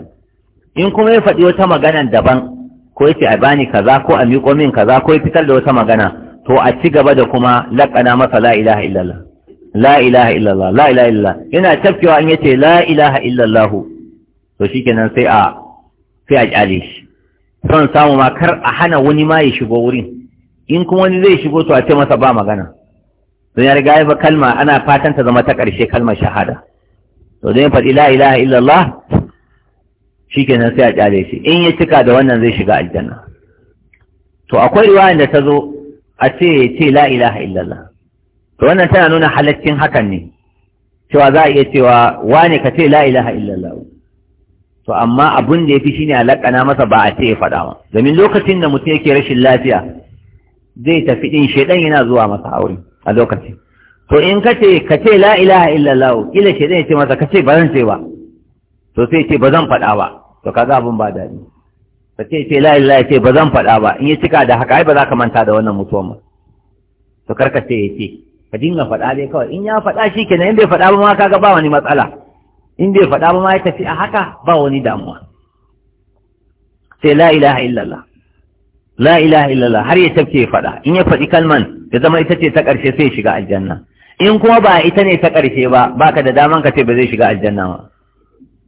in kuma ya faɗi wata magana daban ko yace a bani kaza ko a miƙo min kaza ko ya fitar da wata magana to a ci gaba da kuma laƙana masa la ilaha illallah la ilaha illallah la ilaha illallah yana tafkewa in yace la ilaha illallah to shikenan sai a sai a kyale shi son samu ma kar a hana wani ma ya shigo wurin in kuma wani zai shigo to a ce masa ba magana don ya riga ya kalma ana fatan ta zama ta ƙarshe kalmar shahada to don ya faɗi la ilaha illallah shikenan sai a kyale shi in ya cika da wannan zai shiga aljanna to akwai riwayan da ta zo a ce ce la ilaha illallah to wannan tana nuna halaccin hakan ne cewa za a iya cewa wane ka ce la ilaha illallah to amma abun da ya fi shi shine na masa ba a ce ya faɗa ma domin lokacin da mutum yake rashin lafiya zai tafi ɗin shaidan yana zuwa masa aure a lokacin to in ka ce ka ce la ilaha illallah kila shaidan ya ce masa ka ce ba zan ce ba to sai ce ba zan faɗa ba to kaga abin ba daɗi ka ce ce la ilaha ce ba zan faɗa ba in yi cika da haka ai ba za ka manta da wannan mutuwan ba to karka ce ya ce ka dinga faɗa dai kawai in ya faɗa shi kenan in bai faɗa ba ma kaga ba wani matsala in bai faɗa ba ma ya tafi a haka ba wani damuwa sai la ilaha illallah la ilaha illallah har ya tafke ya faɗa in ya faɗi kalman ya zama ita ce ta ƙarshe sai shiga aljanna in kuma ba ita ne ta ƙarshe ba baka da daman ka ce ba zai shiga aljanna ba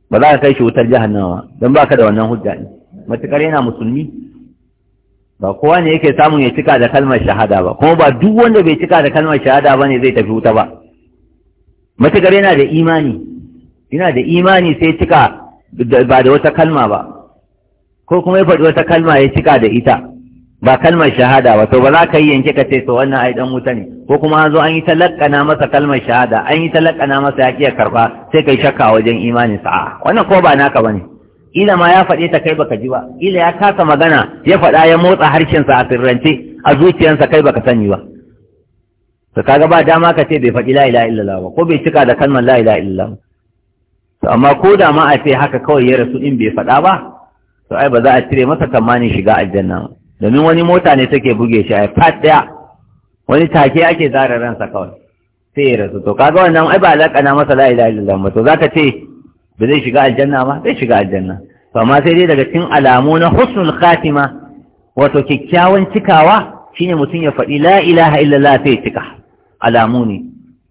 ba za ka kai shi wutar jahannama don ba ka da wannan hujja ne matukar yana musulmi ba kowa ne yake samun ya cika da kalmar shahada ba kuma ba duk wanda bai cika da kalmar shahada ba ne zai tafi wuta ba matukar yana da imani yana da imani sai cika ba da wata kalma ba ko kuma ya faɗi wata kalma ya cika da ita ba kalmar shahada ba to ba za ka yi yanke ka ce to wannan ai dan wuta ne ko kuma an zo an yi talakana masa kalmar shahada an yi talakana masa ya karɓa, karba sai kai shakka wajen imanin sa wannan ko ba naka bane ila ma ya faɗe ta kai baka ji ba ila ya kasa magana ya faɗa ya motsa harshen sa a sirrance a zuciyarsa kai baka sani ba to kaga ba dama ka ce bai faɗi la ilaha illallah ba ko bai cika da kalmar la ilaha illallah ba to amma ko da ma a ce haka kawai ya rasu in bai faɗa ba to ai ba za a cire masa kamanin shiga aljanna ba domin wani mota ne take buge shi a fat daya wani take ake zara ransa kawai sai ya rasu to kaga wannan ai ba alaka na masa la ilaha illallah ba to zaka ce ba zai shiga aljanna ba zai shiga aljanna to amma sai dai daga cikin alamu na husnul khatima wato kyakkyawan cikawa shine mutum ya faɗi la ilaha illallah sai cika alamu ne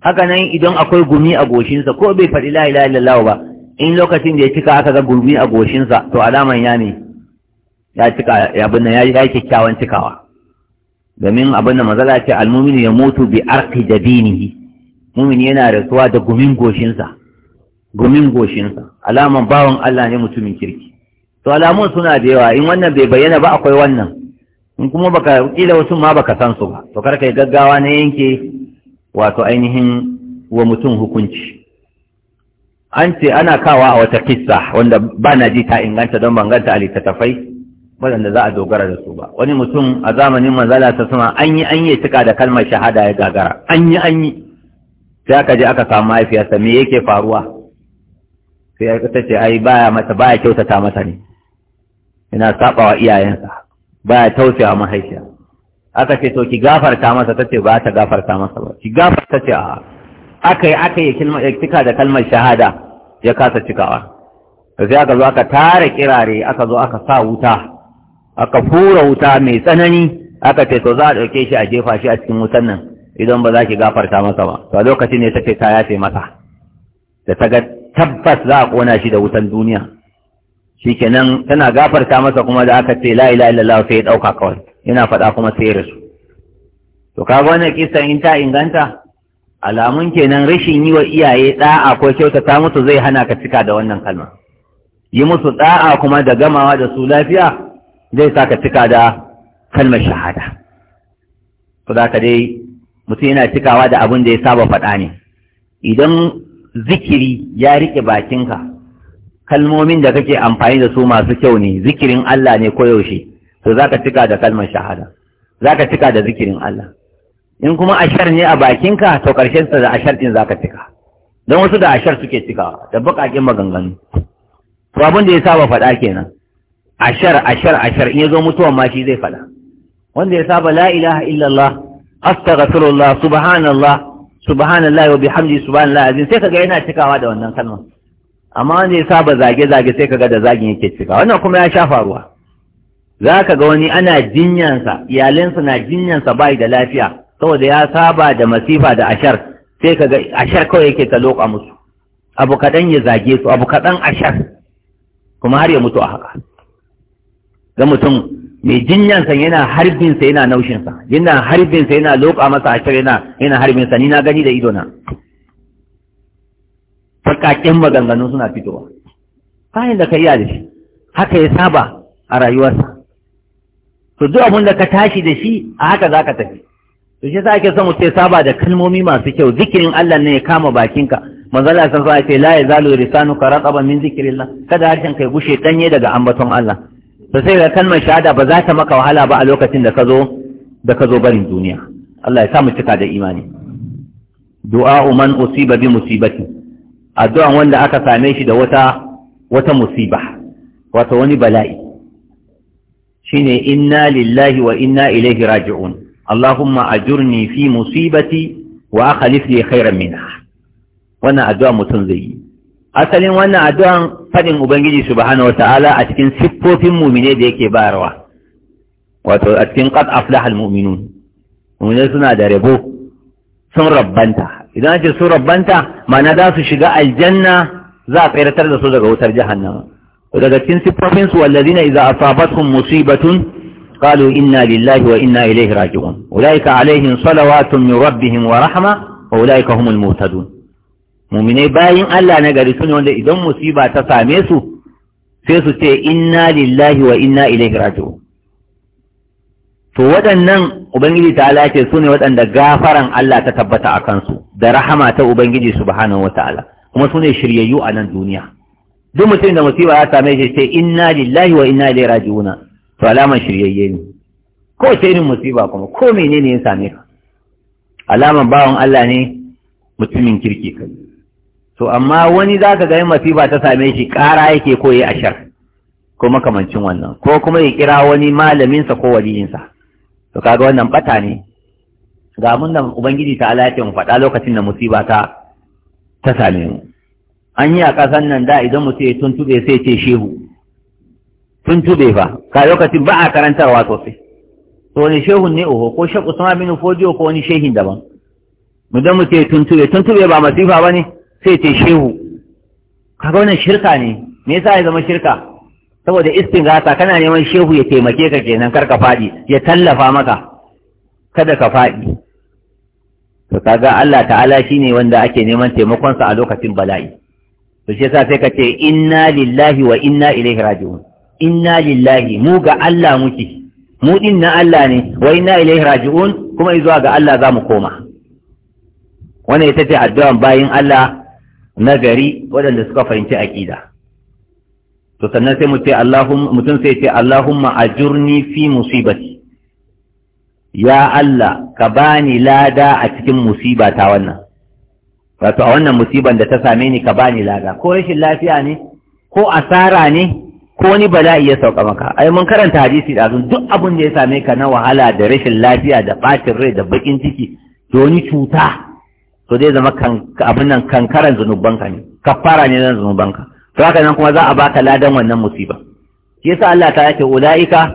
haka nan idan akwai gumi a goshinsa ko bai faɗi la ilaha illallah ba in lokacin da ya cika aka ga gumi a goshinsa to alaman ya ne ya cika abin nan ya yi kyakkyawan cikawa domin abin da mazala ce almumini ya mutu bi arki jabinihi Mumin yana rasuwa da gumin goshinsa gumin goshinsa alaman bawan Allah ne mutumin kirki to alamun suna da yawa in wannan bai bayyana ba akwai wannan in kuma baka kila wasu ma baka san su ba to kar kai gaggawa na yanke wato ainihin wa mutum hukunci an ce ana kawa a wata kissa wanda ba na ji ta inganta don banganta a littattafai waɗanda za a dogara da su ba wani mutum a zamanin manzala ta sama an yi an yi tuka da kalmar shahada ya gagara an yi an yi sai aka je aka samu mahaifiyarsa me yake faruwa sai ta ce ai baya mata baya kyautata mata ne yana sabawa iyayensa baya tausayawa mahaifiya aka ce to ki gafarta masa ta ce ba ta gafarta masa ba ki gafarta ce a aka yi aka yi cika da kalmar shahada ya kasa cikawa sai aka zo aka tara kirare aka zo aka sa wuta aka fura wuta mai tsanani aka ce to za a ɗauke shi a jefa shi a cikin wutan nan idan ba za ki gafarta masa ba to a lokacin ne take ta yafe masa da ta ga tabbas za a kona shi da wutan duniya shikenan tana gafarta masa kuma da aka ce la ilaha illallah sai ya ɗauka kawai yana faɗa kuma sai ya rasu to kaga wannan kisan in ta inganta alamun kenan rashin yi wa iyaye da'a ko kyautata musu zai hana ka cika da wannan kalma yi musu da'a kuma da gamawa da su lafiya zai sa ka cika da kalmar shahada za ka dai mutum yana cikawa da abin da ya saba faɗa ne idan zikiri ya riƙe bakinka kalmomin da kake amfani da su masu kyau ne zikirin Allah ne koyaushe to za ka cika da kalmar shahada za ka cika da zikirin Allah in kuma ashar ne a bakinka to ƙarshensa da ashar ɗin za ka cika don wasu da ashar suke cikawa da baƙaƙen maganganu to abin da ya saba faɗa kenan ashar ashar ashar in ya zo mutuwa ma shi zai faɗa wanda ya saba la ilaha illallah astaghfirullah subhanallah subhanallah wa bihamdi subhanallah azin sai kaga yana cikawa da wannan kalma amma wanda ya saba zage zage sai kaga da zagin yake cika wannan kuma ya sha faruwa za ga wani ana jinyansa iyalinsa na jinyansa bai da lafiya saboda ya saba da masifa da ashar sai kaga ashar kawai yake ta loka musu abu kaɗan ya zage su abu kaɗan ashar kuma har ya mutu a haka ga mutum mai jinyansa yana harbinsa yana naushinsa yana harbinsa yana loƙa masa a yana yana harbinsa ni na gani da idona fakakken maganganu suna fitowa kayan da ka iya da shi haka ya saba a rayuwarsa to duk abin da ka tashi da shi a haka za ka tafi to shi sa ake son mutum saba da kalmomi masu kyau zikirin Allah ne ya kama bakinka manzala san sa ce la yazalu lisanuka raqaban min zikrillah kada harshen kai gushe danye daga ambaton Allah to sai ga kalmar shahada ba za ta maka wahala ba a lokacin da ka zo da ka zo barin duniya Allah ya sa mu cika da imani du'a man usiba bi musibati addu'a wanda aka same shi da wata wata musiba wato wani bala'i shine inna lillahi wa inna ilaihi raji'un Allahumma ajurni fi musibati wa akhlif li khairan minha wannan addu'a mutum zai yi asalin wannan addu'an fadin ubangiji subhanahu wata'ala a cikin siffofin mumine da yake bayarwa wato a cikin qad aflaha almu'minun mumine suna da rabo sun rabbanta idan ake sun rabbanta ma'ana za su shiga aljanna za a tsayartar da su daga wutar jahannama daga cikin siffofin su wallazina idza asabatuhum musibatun qalu inna lillahi wa inna ilaihi raji'un ulaika alaihim salawatun min rabbihim wa rahma wa ulaika humul muhtadun muminai bayin Allah na gari ne wanda idan musiba ta same su sai su ce inna lillahi wa inna ilaihi raji'u.' to waɗannan ubangiji ta ce su ne waɗanda gafaran Allah ta tabbata a kansu da rahama ta ubangiji subhanahu wataala kuma su ne shiryayyu a nan duniya duk mutum da musiba ya same shi sai inna lillahi wa inna ilaihi raji'una to alaman shiryayye ne ko ce irin musiba kuma ko menene ya same ka alaman bawan Allah ne mutumin kirki kai to amma wani za ka gani masifa ta same shi ƙara yake koyi a shar ko makamancin wannan ko kuma ya kira wani malaminsa ko waliyinsa to kaga wannan bata ne ga mun nan ubangiji ta alaƙe mu faɗa lokacin da musiba ta ta same mu an yi a ƙasan nan da idan mutum ya tuntube sai ce shehu tuntube fa ka lokacin ba a karantarwa sosai to wani shehun ne oho ko shekku sama bin fojiyo ko wani shehin daban mu dan mutum ya tuntube tuntube ba masifa ba ne sai ce shehu kaga wannan shirka ne me yasa ya zama shirka saboda istinghatha kana neman shehu ya taimake ka kenan kar ka fadi ya tallafa maka kada ka fadi to kaga Allah ta'ala shine wanda ake neman taimakon sa a lokacin bala'i to shi yasa sai ka ce inna lillahi wa inna ilaihi raji'un inna lillahi mu ga Allah muke mu din na Allah ne wa inna ilaihi raji'un kuma zuwa ga Allah za mu koma wannan ita ce addu'an bayin Allah na gari waɗanda suka fahimci aƙida to sannan sai mutum sai ce Allahumma ajurni fi musibati ya Allah ka bani lada a cikin musiba ta wannan wato a wannan musiban da ta same ni ka bani lada ko rashin lafiya ne ko asara ne ko ni bala'i ya sauka maka ai mun karanta hadisi da duk abin da ya same ka na wahala da rashin lafiya da bacin rai da bakin ciki to ni cuta to zai zama abin nan kankaran zunubanka ne kafara ne na zunubanka to haka nan kuma za a baka ladan wannan musiba shi yasa Allah ta yake ulaika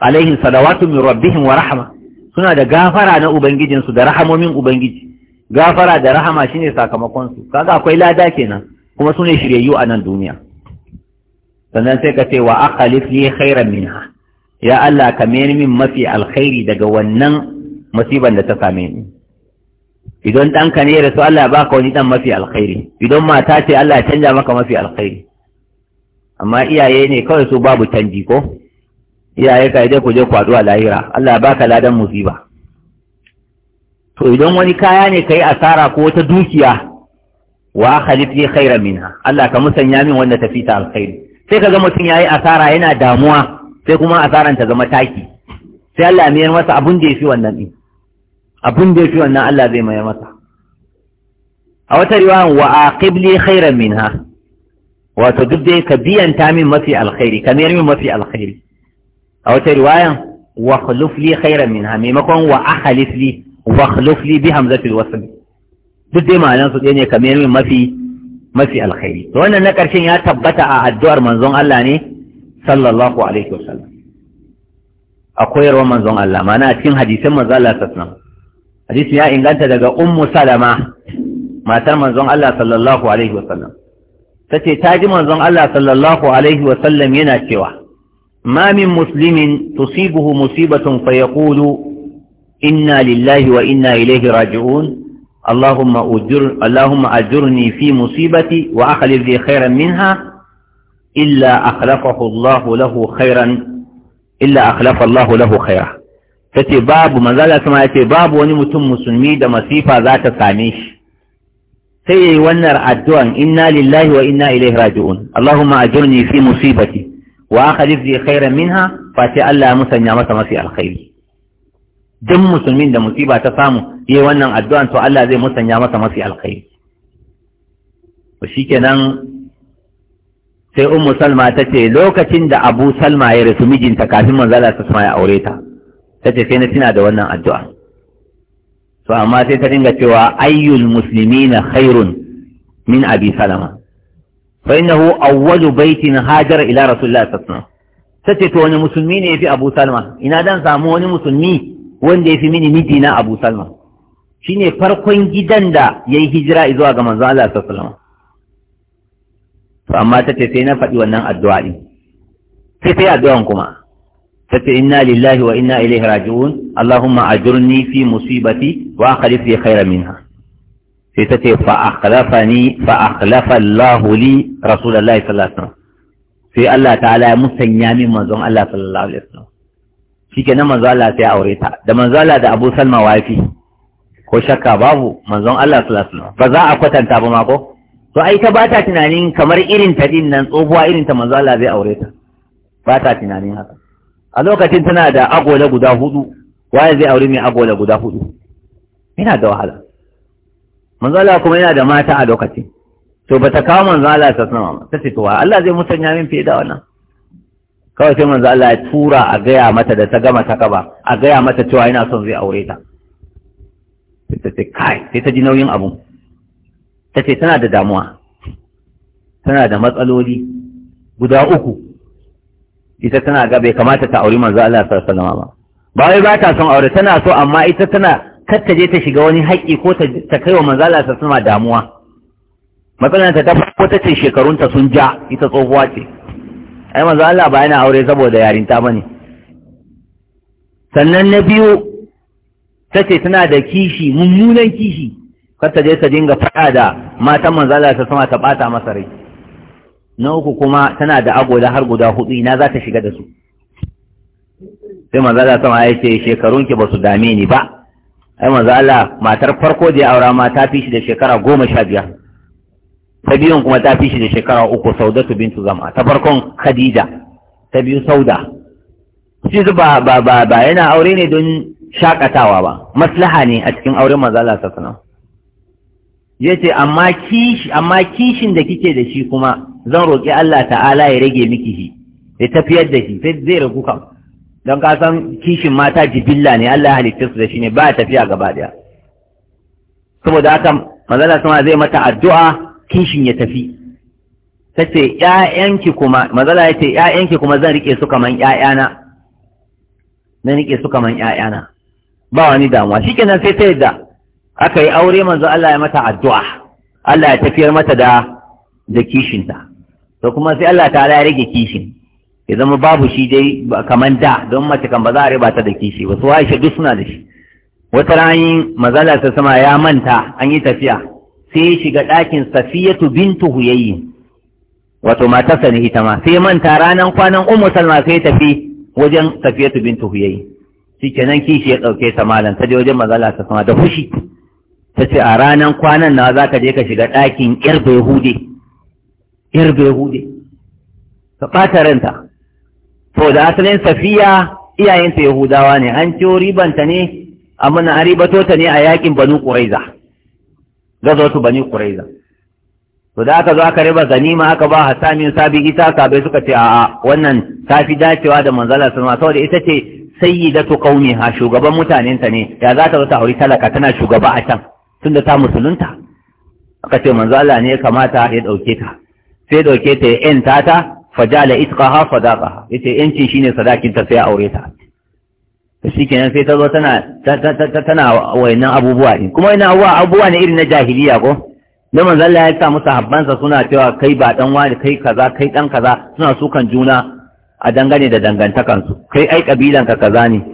alaihim salawatu min rabbihim wa rahma suna da gafara na ubangijin su da rahamomin ubangiji gafara da rahama shine sakamakon su kaga akwai lada kenan kuma sune shiryayyu a nan duniya sannan sai ka ce wa aqalif li khairan minha ya Allah ka mayar min mafi alkhairi daga wannan musiban da ta same ni idan ɗanka ne ya rasu Allah ya baka wani ɗan mafi alkhairi idan mata ce Allah ya canja maka mafi alkhairi amma iyaye ne kawai su babu canji ko iyaye ka dai ku je kwado a lahira Allah ya baka ladan musiba to idan wani kaya ne kai asara ko wata dukiya wa khalif li khairan minha Allah ka musanya min wanda tafi ta alkhairi sai ka ga mutum yayi asara yana damuwa sai kuma asaran ta zama taki sai Allah ya mayar masa abun da yafi wannan din abin da ya fi wannan Allah zai mai masa a wata riwaya wa aqibli khairan minha wato duk dai ka biyan ta min mafi alkhairi ka mayar min mafi alkhairi a wata riwayan wa khuluf li khairan minha maimakon wa akhlif li wa khuluf li bi hamzatil wasl duk dai ma'anan su ne ka mayar min mafi mafi alkhairi to wannan na karshen ya tabbata a addu'ar manzon Allah ne sallallahu alaihi wasallam a koyarwar manzon Allah ma'ana a cikin hadisin manzon Allah sallallahu hadisi ya inganta daga ummu salama matar manzon Allah sallallahu alaihi wasallam tace ta ji manzon Allah sallallahu alaihi wasallam yana cewa ma min muslimin tusibuhu musibatun fayaqulu inna lillahi wa inna ilaihi raji'un اللهم أجر اللهم fi musibati Wa وأخلف لي خيرا منها إلا أخلفه الله lahu خيرا ta ce babu manzala kuma ya ce babu wani mutum musulmi da masifa za ta same shi sai ya yi wannan addu'an inna lillahi wa inna ilaihi raji'un Allahumma ajurni fi musibati wa akhlif li khairan minha fa ta Allah ya musanya masa mafi alkhairi duk musulmin da musiba ta samu yayi wannan addu'an to Allah zai musanya masa mafi alkhairi to shikenan sai ummu salma ta ce lokacin da abu salma ya rasu mijinta kafin manzala ta sama ya aure ta ta ce sai na tuna da wannan addu'a to amma sai ta dinga cewa ayyul muslimina khairun min abi salama fa innahu awwalu baitin hajar ila rasulillah sallallahu alaihi wasallam tace to wani musulmi ne yafi abu salma ina dan samu wani musulmi wanda yafi mini miji na abu salma shine farkon gidan da yayi hijira zuwa ga manzo Allah sallallahu alaihi wasallam to amma tace sai na faɗi wannan addu'a din sai sai addu'an kuma tace inna lillahi wa inna ilaihi raji'un allahumma ajurni fi musibati wa akhlif li khairan minha sai tace fa akhlafani fa akhlafa allah li rasulullahi sallallahu alaihi wasallam sai Allah ta'ala ya musanya min manzon Allah sallallahu alaihi wasallam shikenan manzon Allah sai ya aure ta da manzon Allah da Abu Salma wafi ko shakka babu manzon Allah sallallahu alaihi wasallam ba za a kwatanta ba mako? to ai ta bata tunanin kamar irin ta din nan tsohuwa irin ta manzo Allah zai aure ta bata tunanin haka a lokacin tana da agola guda hudu waye zai aure mai agola guda hudu yana da wahala manzala kuma yana da mata a lokacin to ba ta kawo manzo Allah ta ba ta ce to Allah zai musanya min fiye da wannan kawai sai manzo Allah ya tura a gaya mata da ta gama ta kaba a gaya mata cewa ina son zai aure ta ta ce kai sai ta ji nauyin abu ta ce tana da damuwa tana da matsaloli guda uku ita tana ga bai kamata ta auri manzo Allah sallallahu alaihi wasallam ba wai ba ta son aure tana so amma ita tana kar ta je ta shiga wani haƙƙi ko ta kai wa manzo Allah sallallahu alaihi wasallam damuwa matsalar ta ko ta ce shekarunta sun ja ita tsohuwa ce ai manzo Allah ba yana aure saboda yarinta bane sannan na biyu ta ce tana da kishi mummunan kishi kar ta je ta dinga fada da matan manzo Allah sallallahu alaihi wasallam ta bata masa rai na uku kuma tana da agoda har guda hudu ina za ta shiga da su sai manzo Allah sama ya ce shekarunki ba su dame ni ba ai manzo Allah matar farko da ya aura ma ta fi shi da shekara goma sha biyar ta biyun kuma ta fi shi da shekara uku saudatu bintu zama ta farkon khadija ta biyu sauda shi ba ba ba ba yana aure ne don shakatawa ba maslaha ne a cikin auren manzo Allah sallallahu alaihi wasallam yace amma kishi amma kishin da kike da shi kuma zan roƙi Allah ta'ala ya rage miki shi ya tafiyar da shi sai zai ragu kan don ka san kishin mata jibilla ne Allah ya halitta su da shi ne ba ya tafiya gaba daya saboda haka manzala sama zai mata addu'a kishin ya tafi ta ce ‘ya'yanki kuma manzala ya ce ‘ya'yanki kuma zan rike su kaman ‘ya'yana na rike su kaman ‘ya'yana ba wani damuwa shi kenan sai ta yadda aka yi aure manzo Allah ya mata addu'a Allah ya tafiyar mata da da kishinta to kuma sai Allah ta ya rage kishin ya zama babu shi dai kamar da don mace kan ba za a riba ta da kishi ba su Aisha duk suna da shi wata ranin mazala ta sama ya manta an yi tafiya sai ya shiga ɗakin safiyatu bintu huyayyi wato matarsa ne ita ma sai ya manta ranan kwanan ummu salma sai ya tafi wajen safiyatu bintu huyayyi kenan kishi ya ɗauke ta malam ta je wajen mazala ta sama da fushi ta ce a ranan kwanan nawa za ka je ka shiga ɗakin ƴar bai hude yar hude ka ɓata ranta to da asalin safiya iyayenta yahudawa ne an ciwo ribanta ne a muna a ribato ta ne a yakin banu ƙuraiza gazo su Banu ƙuraiza to da aka zo aka riba ganima aka ba hasamin sabi ita kabe suka ce a wannan ta fi dacewa da manzala sama saboda ita ce sayyidatu ha shugaban mutanenta ne ya za ta zo ta auri talaka tana shugaba a can tunda ta musulunta aka ce manzo ne ya kamata ya ɗauke ta sai dauke ta yan tata fajala itqaha sadaqa yace yanci shine sadakin ta sai aure ta to shikenan sai ta zo tana tana wayannan abubuwa din kuma ina wa abubuwa ne irin na jahiliya ko da manzo Allah ya sa musu habbansa suna cewa kai ba dan wani kai kaza kai dan kaza suna sukan juna a dangane da dangantakan su kai ai kabilan ka kaza ne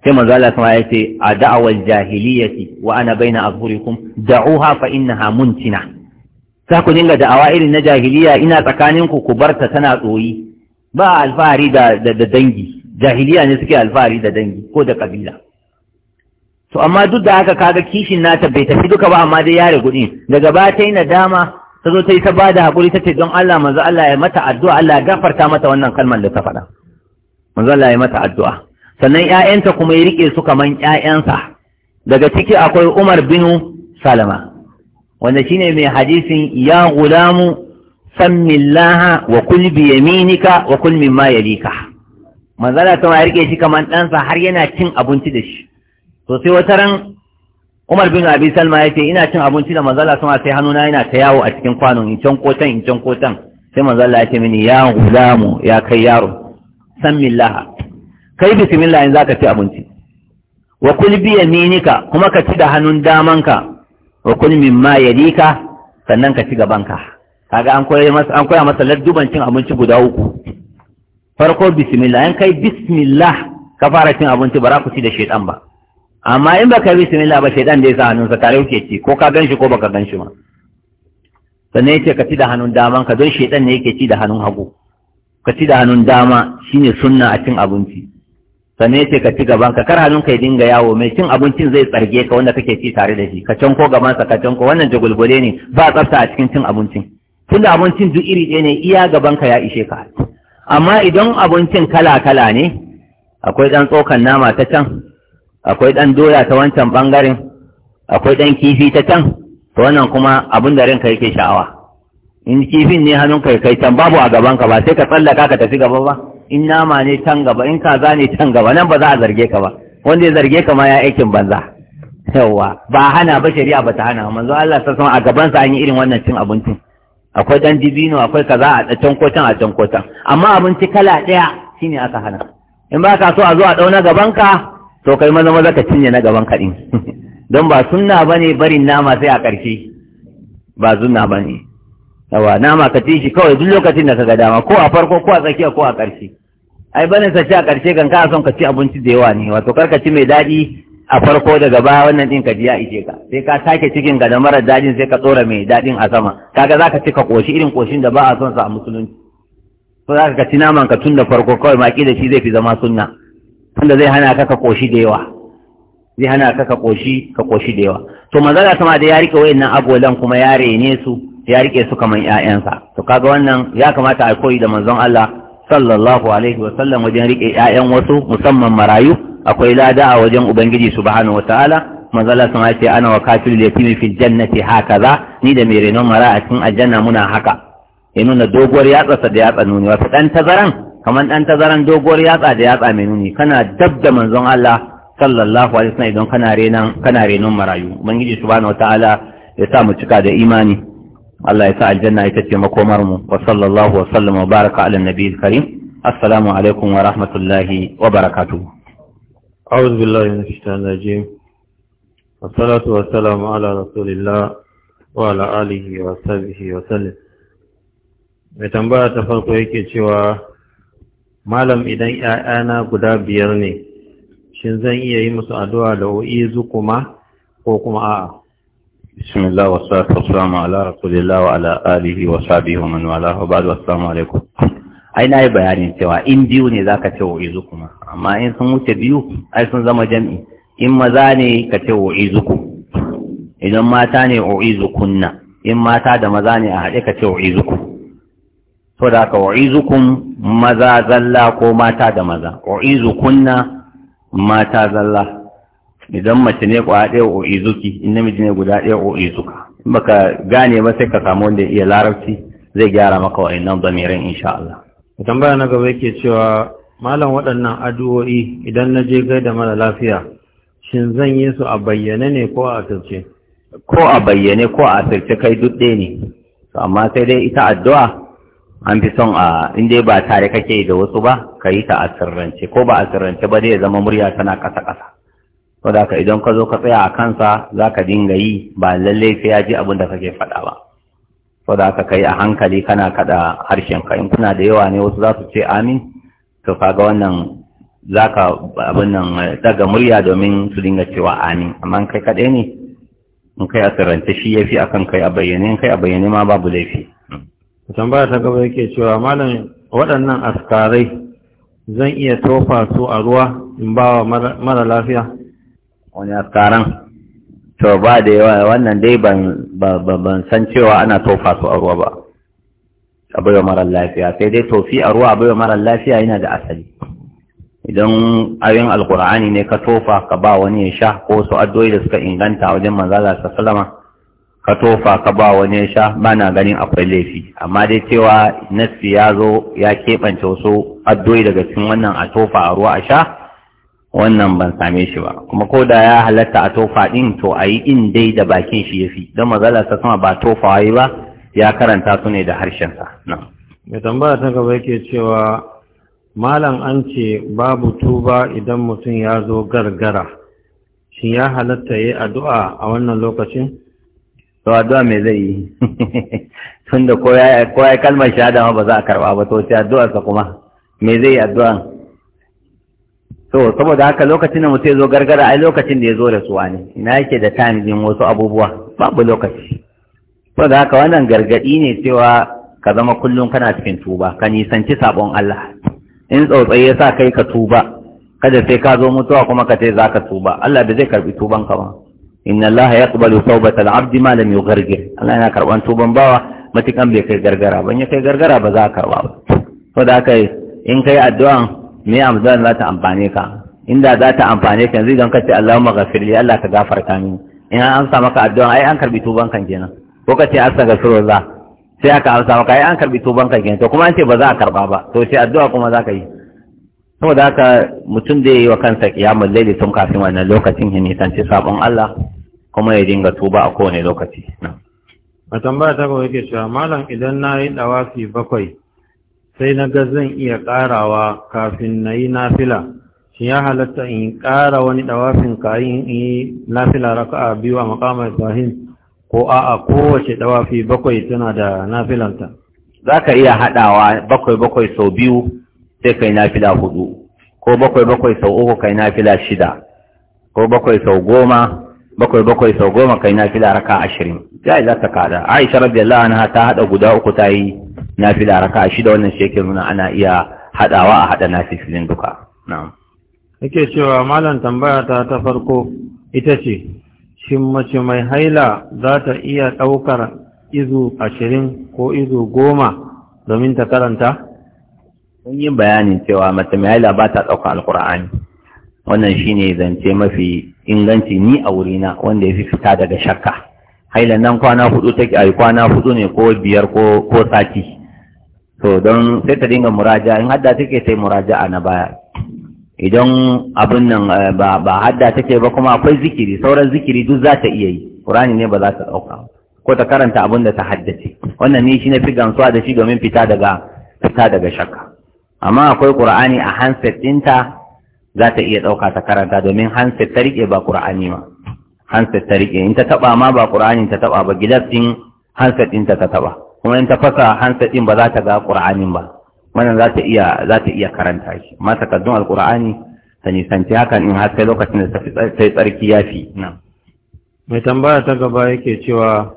sai manzo Allah kuma ya ce a da'awal jahiliyati wa ana baina azhurikum da'uha fa innaha muntina za ku dinga da'awa irin na jahiliya ina tsakaninku ku barta tana tsoyi ba alfahari da dangi jahiliya ne suke alfahari da dangi ko da kabila to amma duk da haka kaga kishin nata bai tafi duka ba amma dai yare gudin daga ba ta yi nadama ta zo ta yi ta ba da haƙuri ta ce don Allah manzo Allah ya mata addu'a Allah ya gafarta mata wannan kalmar da ta faɗa manzo Allah ya mata addu'a sannan ƴaƴanta kuma ya rike su kaman ƴaƴansa daga ciki akwai Umar bin Salama wanda shine mai hadisin ya gulamu sammillaha wa kul bi yaminika wa kul mimma yalika manzala kuma ya rike shi kaman ɗansa har yana cin abinci da shi to sai wata ran Umar bin Abi Salma ya ce ina cin abinci da manzala kuma sai hannuna yana ta yawo a cikin kwanon in can kotan in can kotan sai manzala ya ce mini ya gulamu ya kai yaro sammillaha kai bismillah in zaka ci abinci wa kul bi yaminika kuma ka ci da hannun damanka wa kun ma yadika sannan ka ci gabanka kaga an koya masa an koya masa ladduban cin abinci guda uku farko bismillah an kai bismillah ka fara cin abinci ba za ku ci da shaidan ba amma in baka bismillah ba shaidan da ya sa hannunsa tare kuke ci ko ka ganshi ko baka ganshi ma sannan yace ka ci da hannun dama ka don shaidan ne yake ci da hannun hagu ka ci da hannun dama shine sunna a cin abinci Sane yace ka ci gaban ka kar hannun ka ya dinga yawo mai cin abincin zai tsarge ka wanda kake ci tare da shi ka can ko gaban sa ka can ko wannan jagulgule ne ba tsafta a cikin cin abincin tunda abincin duk iri ɗaya ne iya gaban ka ya ishe ka amma idan abincin kala kala ne akwai dan tsokan nama ta can akwai dan doya ta wancan bangaren akwai dan kifi ta can to wannan kuma abin da ranka yake sha'awa in kifin ne hannun ya kai can babu a gaban ka ba sai ka tsallaka ka tafi gaba ba in nama ne can gaba in kaza ne can gaba nan ba za a zarge ka ba wanda ya zarge ka ma ya aikin banza yawa ba hana ba shari'a ba ta hana manzo Allah ta a gaban sa an yi irin wannan cin abincin akwai dan dibino akwai kaza a can ko can a can ko can amma abinci kala daya shine aka hana in ba ka so a zo a dauna gaban ka to kai maza maza ka cinye na gaban ka din don ba sunna bane barin nama sai a karshe ba sunna bane yawa nama ka ci shi kawai duk lokacin da ka ga dama ko a farko ko a tsakiya ko a karshe ai bane sa ci a ƙarshe kan ka son ka ci abinci da yawa ne wato kar ka ci mai daɗi a farko daga baya wannan din ka ji ya ishe ka sai ka sake cikin ka da marar daɗin sai ka tsora mai daɗin a sama kaga za ka ci ka koshi irin koshin da ba a son sa a musulunci Ko za ka ci naman ka tun da farko kawai ma da shi zai fi zama sunna tunda zai hana ka ka koshi da yawa zai hana ka ka koshi ka koshi da yawa to manzala sama da ya rike wayannan agolan kuma ya rene su ya rike su kaman ƴaƴansa to kaga wannan ya kamata a koyi da manzon Allah sallallahu alaihi wasallam wajen rike ƴaƴan wasu musamman marayu akwai lada a wajen ubangiji subhanahu wataala manzala sun ce ana wa kafil yatimi fil jannati hakaza ni da mai renon mara a cikin aljanna muna haka ya nuna doguwar yatsa da yatsa nuni wata dan tazaran kamar ɗan tazaran doguwar yatsa da yatsa mai nuni kana dab da manzon Allah sallallahu alaihi wasallam idan kana renon kana renon marayu ubangiji subhanahu ta'ala ya sa mu cika da imani Allah ya sa aljanna ita ce makomar mu wa sallallahu wa sallama wa baraka ala nabiyil karim assalamu alaikum wa rahmatullahi wa barakatuh a'udhu billahi minash shaitanir rajim wa wassalamu ala rasulillah wa ala alihi wa sahbihi wa sallam mai tambaya ta farko yake cewa malam idan 'ya'yana guda biyar ne shin zan iya yi musu addu'a da o'i kuma ko kuma a'a بسم الله والصلاة والسلام على رسول الله وعلى آله ai na yi bayanin cewa in biyu ne za ka ce wa'izu kuma amma in sun wuce biyu ai sun zama jam'i in maza ne ka ce wa'izu ku idan mata ne wa'izu kunna in mata da maza ne a haɗe ka ce wa'izu ku so ka wa'izu kun maza zalla ko mata da maza wa'izu kunna mata zalla idan mace ne kwa ɗaya o izuki in namiji ne guda ɗaya o izuka in baka gane ba sai ka samu wanda iya larabci zai gyara maka wa'annan zamirin insha Allah tambaya na gaba yake cewa malam waɗannan addu'o'i idan na je gaida mara lafiya shin zan yi su a bayyane ne ko a asirce ko a bayyane ko a asirce kai duk ɗaya ne amma sai dai ita addu'a an fi son a inda ba tare kake da wasu ba ka yi ta a sirrance ko ba a sirrance ba dai ya zama murya tana ƙasa-ƙasa wadda ka idan ka zo ka tsaya a kansa za ka dinga yi ba lallai sai ya ji abin da kake faɗa ba wadda ka kai a hankali kana kaɗa harshenka in kuna da yawa ne wasu za su ce amin to kaga wannan za ka abin nan daga murya domin su dinga cewa amin amma kai kaɗai ne in kai a sirrance shi ya fi a kan kai a bayyane in kai a bayyane ma babu laifi. tambaya ta gaba yake cewa malam waɗannan askarai zan iya tofa su a ruwa in ba wa mara lafiya? wani askaran to ba da yawa wannan dai ban san cewa ana tofa su a ruwa ba a baiwa marar lafiya sai dai tofi a ruwa a baiwa marar lafiya yana da asali idan ayin alkur'ani ne ka tofa ka ba wani ya sha ko su addu'o'i da suka inganta wajen manzala ta salama ka tofa ka ba wani ya sha ba na ganin akwai laifi amma dai cewa nasi ya zo ya keɓance wasu addu'o'i daga cikin wannan a tofa a ruwa a sha wannan ban same shi ba kuma ko da ya halatta a tofa ɗin to a yi in dai da bakin shi ya fi don mazala ta sama ba tofa yi ba ya karanta su ne da harshensa nan mai tambaya ta gaba yake cewa malam an ce babu tuba idan mutum ya zo gargara shi ya halatta ya addu'a a wannan lokacin to addu'a me zai yi tunda ko ya kalmar shahada ma ba za a karba ba to sai addu'arsa kuma me zai yi addu'a To saboda haka lokacin da mutum ya zo gargara ai lokacin da ya zo da suwa ne ina yake da tanijin wasu abubuwa babu lokaci saboda haka wannan gargadi ne cewa ka zama kullum kana cikin tuba ka nisanci sabon Allah in tsautsayi ya sa kai ka tuba kada sai ka zo mutuwa kuma ka ce za ka tuba Allah da zai karbi tuban ka ba inna Allah ya kubalu taubatal abdi ma lam yughargir Allah yana karban tuban bawa matukan bai kai gargara ban ya kai gargara ba za a karba ba saboda haka in kai addu'an me amsan za ta amfane ka inda za ta amfane ka yanzu idan ka ce Allahumma ghafir li Allah ka gafarta min, in an amsa maka addu'a ai an karbi tuban kan kenan ko ka ce za sai aka amsa maka ai an karbi tuban kan kenan to kuma an ce ba za a karba ba to sai addu'a kuma za ka yi saboda haka mutum da yi wa kansa kiyamul laili tun kafin wannan lokacin ya nisanci sabon Allah kuma ya dinga tuba a kowane lokaci a tambaya ta gaba yake cewa malam idan na yi dawafi bakwai sai na ga zan iya ƙarawa kafin na yi nafila shi ya halatta in ƙara wani ɗawafin kayan in yi nafila raka a biyu a makamar ibrahim ko a'a kowace ɗawafi bakwai tana da nafilanta za ka iya haɗawa bakwai bakwai sau biyu sai kai nafila hudu ko bakwai bakwai sau uku kai nafila shida ko bakwai sau goma bakwai bakwai sau goma kai nafila raka ashirin jai za ta kada aisha rabbi anha ta hada guda uku ta yi nafila raka shida wannan shi yake nuna ana iya hadawa a hada nafilin duka na'am yake cewa malam tambaya ta ta farko ita ce shin mace mai haila za ta iya daukar izu ashirin ko izu goma domin ta karanta kun yi bayanin cewa mace mai haila ba ta dauka alkur'ani wannan shine zance mafi inganci ni a wurina wanda ya fi fita daga shakka Haila nan kwana hudu take ai kwana hudu ne ko biyar ko sati to don sai ta dinga muraja in hadda take sai muraja na baya idan abin nan eh, ba hadda take ba kuma akwai zikiri sauran zikiri duk za ta iya yi qur'ani ne ba za ta dauka ko ta karanta abin da ta haddace wannan ne shi na fi gamsuwa da shi domin fita daga fita daga shakka amma akwai qur'ani a hanset dinta za ta iya dauka ta karanta domin handset ta rike ba qur'ani ma handset ta rike in ta taba ma ba ƙur'ani ta taba ba gilas din handset dinta ta taba kuma in ta fasa hansa ɗin ba za ta ga ƙur'anin ba wannan za ta iya za ta iya karanta shi ma takaddun alqur'ani ta nisanci hakan in har sai lokacin da ta yi tsarki ya fi nan. mai tambaya ta gaba yake cewa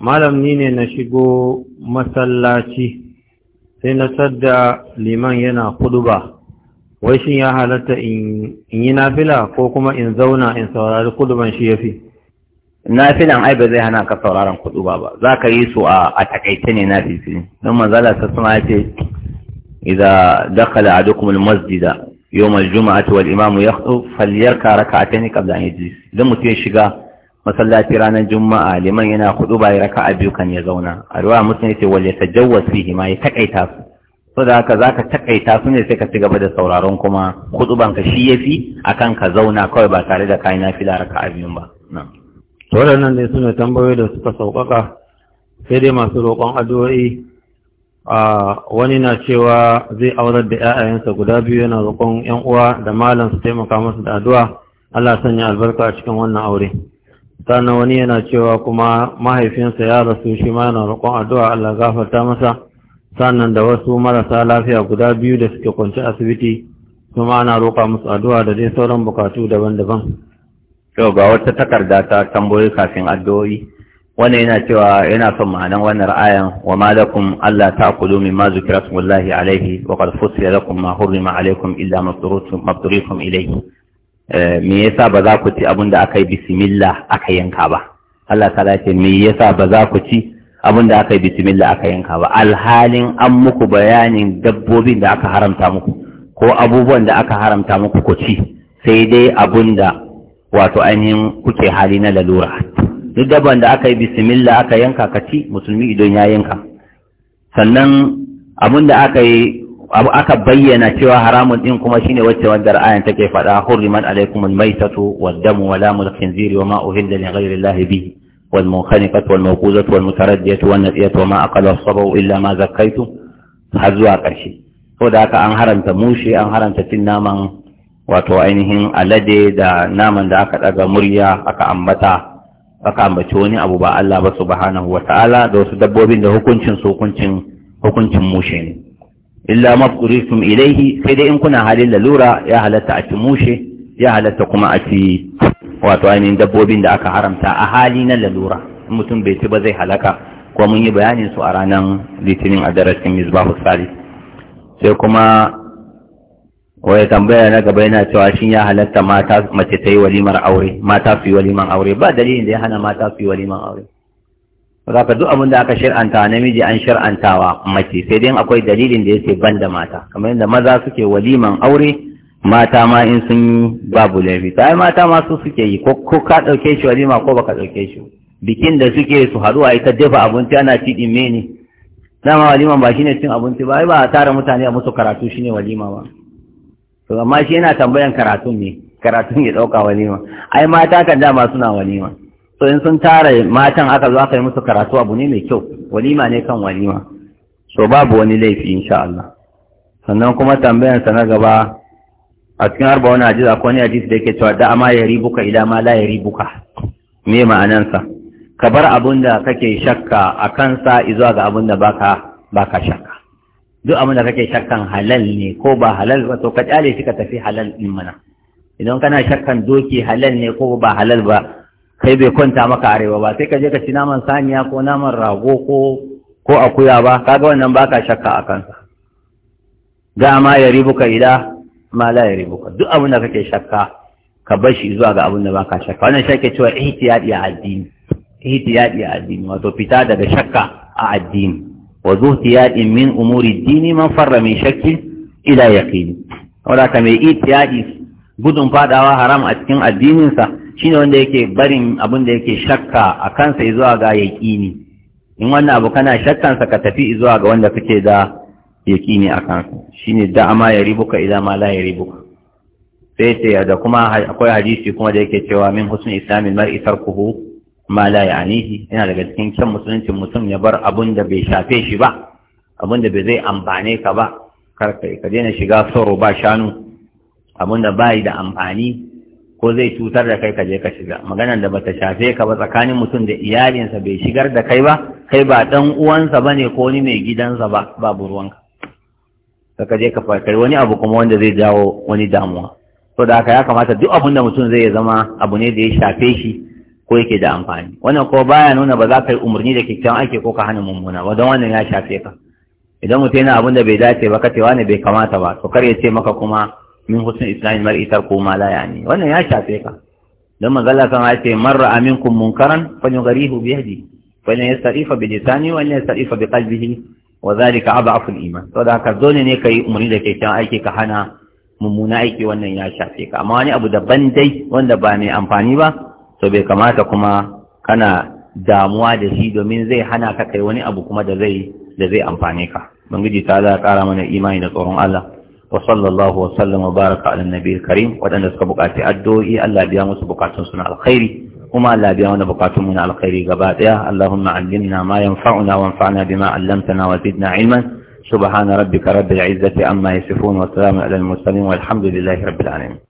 malam ni ne na shigo masallaci sai na sadda liman yana ba wai shin ya halatta in yi nafila ko kuma in zauna in saurari kuduban shi ya fi nafilan ai ba zai hana ka sauraron kudu ba ba za ka yi su a takaice ne na fifi don manzala ta suna ce idan idza Masjida, yau almasjida juma'a ta wal imamu yakhthu falyarka rak'atayn qabla an yajlis idan mutum ya shiga masallaci ranar juma'a liman yana kudu ba a biyu kan ya zauna a ruwa mutum yace wal su yi ma ya takaita su so da haka za ka takaita su ne sai ka ci gaba da sauraron kuma kudu ka shi yafi akan ka zauna kawai ba tare da kayan nafila a biyun ba waɗannan ne suna tambayoyi da suka sauƙaƙa sai dai masu roƙon addu'o'i a wani na cewa zai aurar da 'ya'yansa guda biyu yana roƙon 'yan uwa da malam su taimaka masu da addu'a Allah sanya albarka a cikin wannan aure sannan wani yana cewa kuma mahaifinsa ya rasu shi ma yana roƙon addu'a Allah gafarta masa sannan da wasu marasa lafiya guda biyu da suke kwance asibiti kuma ana roƙa musu addu'a da dai sauran bukatu daban-daban yau ga wata takarda ta tambayoyi kafin addu'o'i wannan yana cewa yana son ma'anan wannan ayan wa ma lakum alla ta'kulu mimma zukira smullahi alaihi wa qad fusila lakum ma hurima alaikum illa mabturikum ilayhi eh, me yasa ba za ku ci abin da aka yi bismillah aka yanka ba Allah ta ce me yasa ba za ku ci abin da aka yi bismillah aka yanka ba alhalin an muku bayanin dabbobin da aka haramta muku ko abubuwan da aka haramta muku ku ci sai dai abin da wato ainihin kuke hali na lalura duk daban da aka yi bismillah aka yanka kaci musulmi idan ya yanka sannan abin da aka yi aka bayyana cewa haramun din kuma shine wacce wanda ayan take faɗa hurriman alaikum almaytatu waddamu wa lamul khinziri wa ma uhilla li ghayri allahi bihi wal munkhaniqatu wal mawquzatu wal mutaraddiyatu wan nasiyatu wa ma aqala sabu illa ma zakkaytum har zuwa ƙarshe saboda haka an haramta mushe an haramta cin naman wato ainihin alade da naman da aka daga murya aka ambata aka ambaci wani abu ba Allah ba subhanahu ta'ala da wasu dabbobin da hukuncin su hukuncin hukuncin mushe ne illa mafkuritum ilaihi sai dai in kuna halin lalura ya halatta a ci mushe ya halatta kuma a ci wato ainihin dabbobin da aka haramta a hali na lalura mutum bai ci ba zai halaka ko mun yi bayanin su a ranar litinin a darasin misbahu sai kuma Waya tambaya na gaba yana cewa shin ya halatta mata mace ta yi walimar aure mata su yi waliman aure ba dalilin da ya hana mata su yi waliman aure Zaka duk abin da aka shir'anta namiji an shir'antawa mace sai dai akwai dalilin da yake ban da mata kamar yadda maza suke waliman aure mata ma in sun yi babu laifi ta mata ma su suke yi ko ka ɗauke shi walima ko baka ɗauke shi bikin da suke su haɗu a ita dafa abinci ana ci ɗin mene dama walima ba shine cin abinci ba ai ba a tara mutane a musu karatu shine walima ba to amma shi yana tambayan karatun ne karatun ya ɗauka walima ai mata kan dama suna walima to in sun tara matan aka zo aka yi musu karatu abu ne mai kyau walima ne kan walima so babu wani laifi insha Allah sannan kuma tambayan sa na gaba a cikin arba wani hadisi akwai wani hadisi da yake cewa da amma ya ribuka ila ma la ya ribuka me ma'anansa ka bar abin da kake shakka a sa izuwa ga abun da baka baka shakka duk abin da kake shakkan halal ne ko ba halal ba to ka kyale shi ka tafi halal din mana idan kana shakkan doki halal ne ko ba halal ba kai bai kwanta maka arewa ba sai ka je ka ci naman saniya ko naman rago ko ko akuya ba kaga wannan baka shakka a kansa ma ya ribuka ida ma la ya ribuka duk abin da kake shakka ka bar shi zuwa ga abin da baka shakka wannan shi ake cewa ihtiyadi a addini ihtiyadi addini wato fita daga shakka a addini wa zuhtiyadin min umuri dini man farra min shakki ila yaqini wanda ka mai itiyadi gudun fadawa haram a cikin addininsa shine wanda yake barin abin da yake shakka a kansa zuwa ga yaqini in wannan abu kana shakkansa ka tafi zuwa ga wanda kake da yaqini a kansa shine da'ama ya ribuka idan ma la ya ribuka sai ce da akwai hadisi kuma da yake cewa min husn islamin mar'i tarkuhu ma la ya'nihi yana daga cikin kyan musuluncin mutum ya bar abun da bai shafe shi ba abun da bai zai amfane ka ba kar ka daina shiga soro ba shanu abun da bai da amfani ko zai cutar da kai ka je ka shiga maganar da bata shafe ka ba tsakanin mutum da iyalinsa bai shigar da kai ba kai ba dan uwansa bane ko ni mai gidansa ba babu ruwanka ka je ka farkar wani abu kuma wanda zai jawo wani damuwa to da haka ya kamata duk abun da mutum zai zama abu ne da ya shafe shi ko yake da amfani wannan ko baya nuna ba za ka yi umarni da kyakkyawan aiki ko ka hana mummuna ba don wannan ya shafe ka idan mutum yana abin da bai dace ba ka kace wani bai kamata ba to kar ya ce maka kuma min husn islamin mar'i tarku ma la yani wannan ya shafe ka Don manzala kan ya ce man ra'a minkum munkaran falyugharihu bi yadi falyastarifa bi lisani wa yastarifa bi qalbihi wa zalika adhafu al-iman to da ka zone ne kai umarni da kyakkyawan aiki ka hana mummuna aiki wannan ya shafe ka amma wani abu daban dai wanda ba mai amfani ba to bai kamata kuma kana damuwa da shi domin zai hana ka kai wani abu kuma da zai da zai amfane ka bangiji ta za kara mana imani da tsoron Allah wa sallallahu wa sallama baraka ala nabiyil karim wadanda suka bukaci addu'o'i Allah biya musu bukatun su alkhairi kuma Allah biya mana bukatun mu alkhairi gaba daya Allahumma allimna ma yanfa'una wanfa'na bima 'allamtana wa zidna ilman subhana rabbika rabbil izzati amma yasifun wa salamun ala al mursalin walhamdulillahi rabbil alamin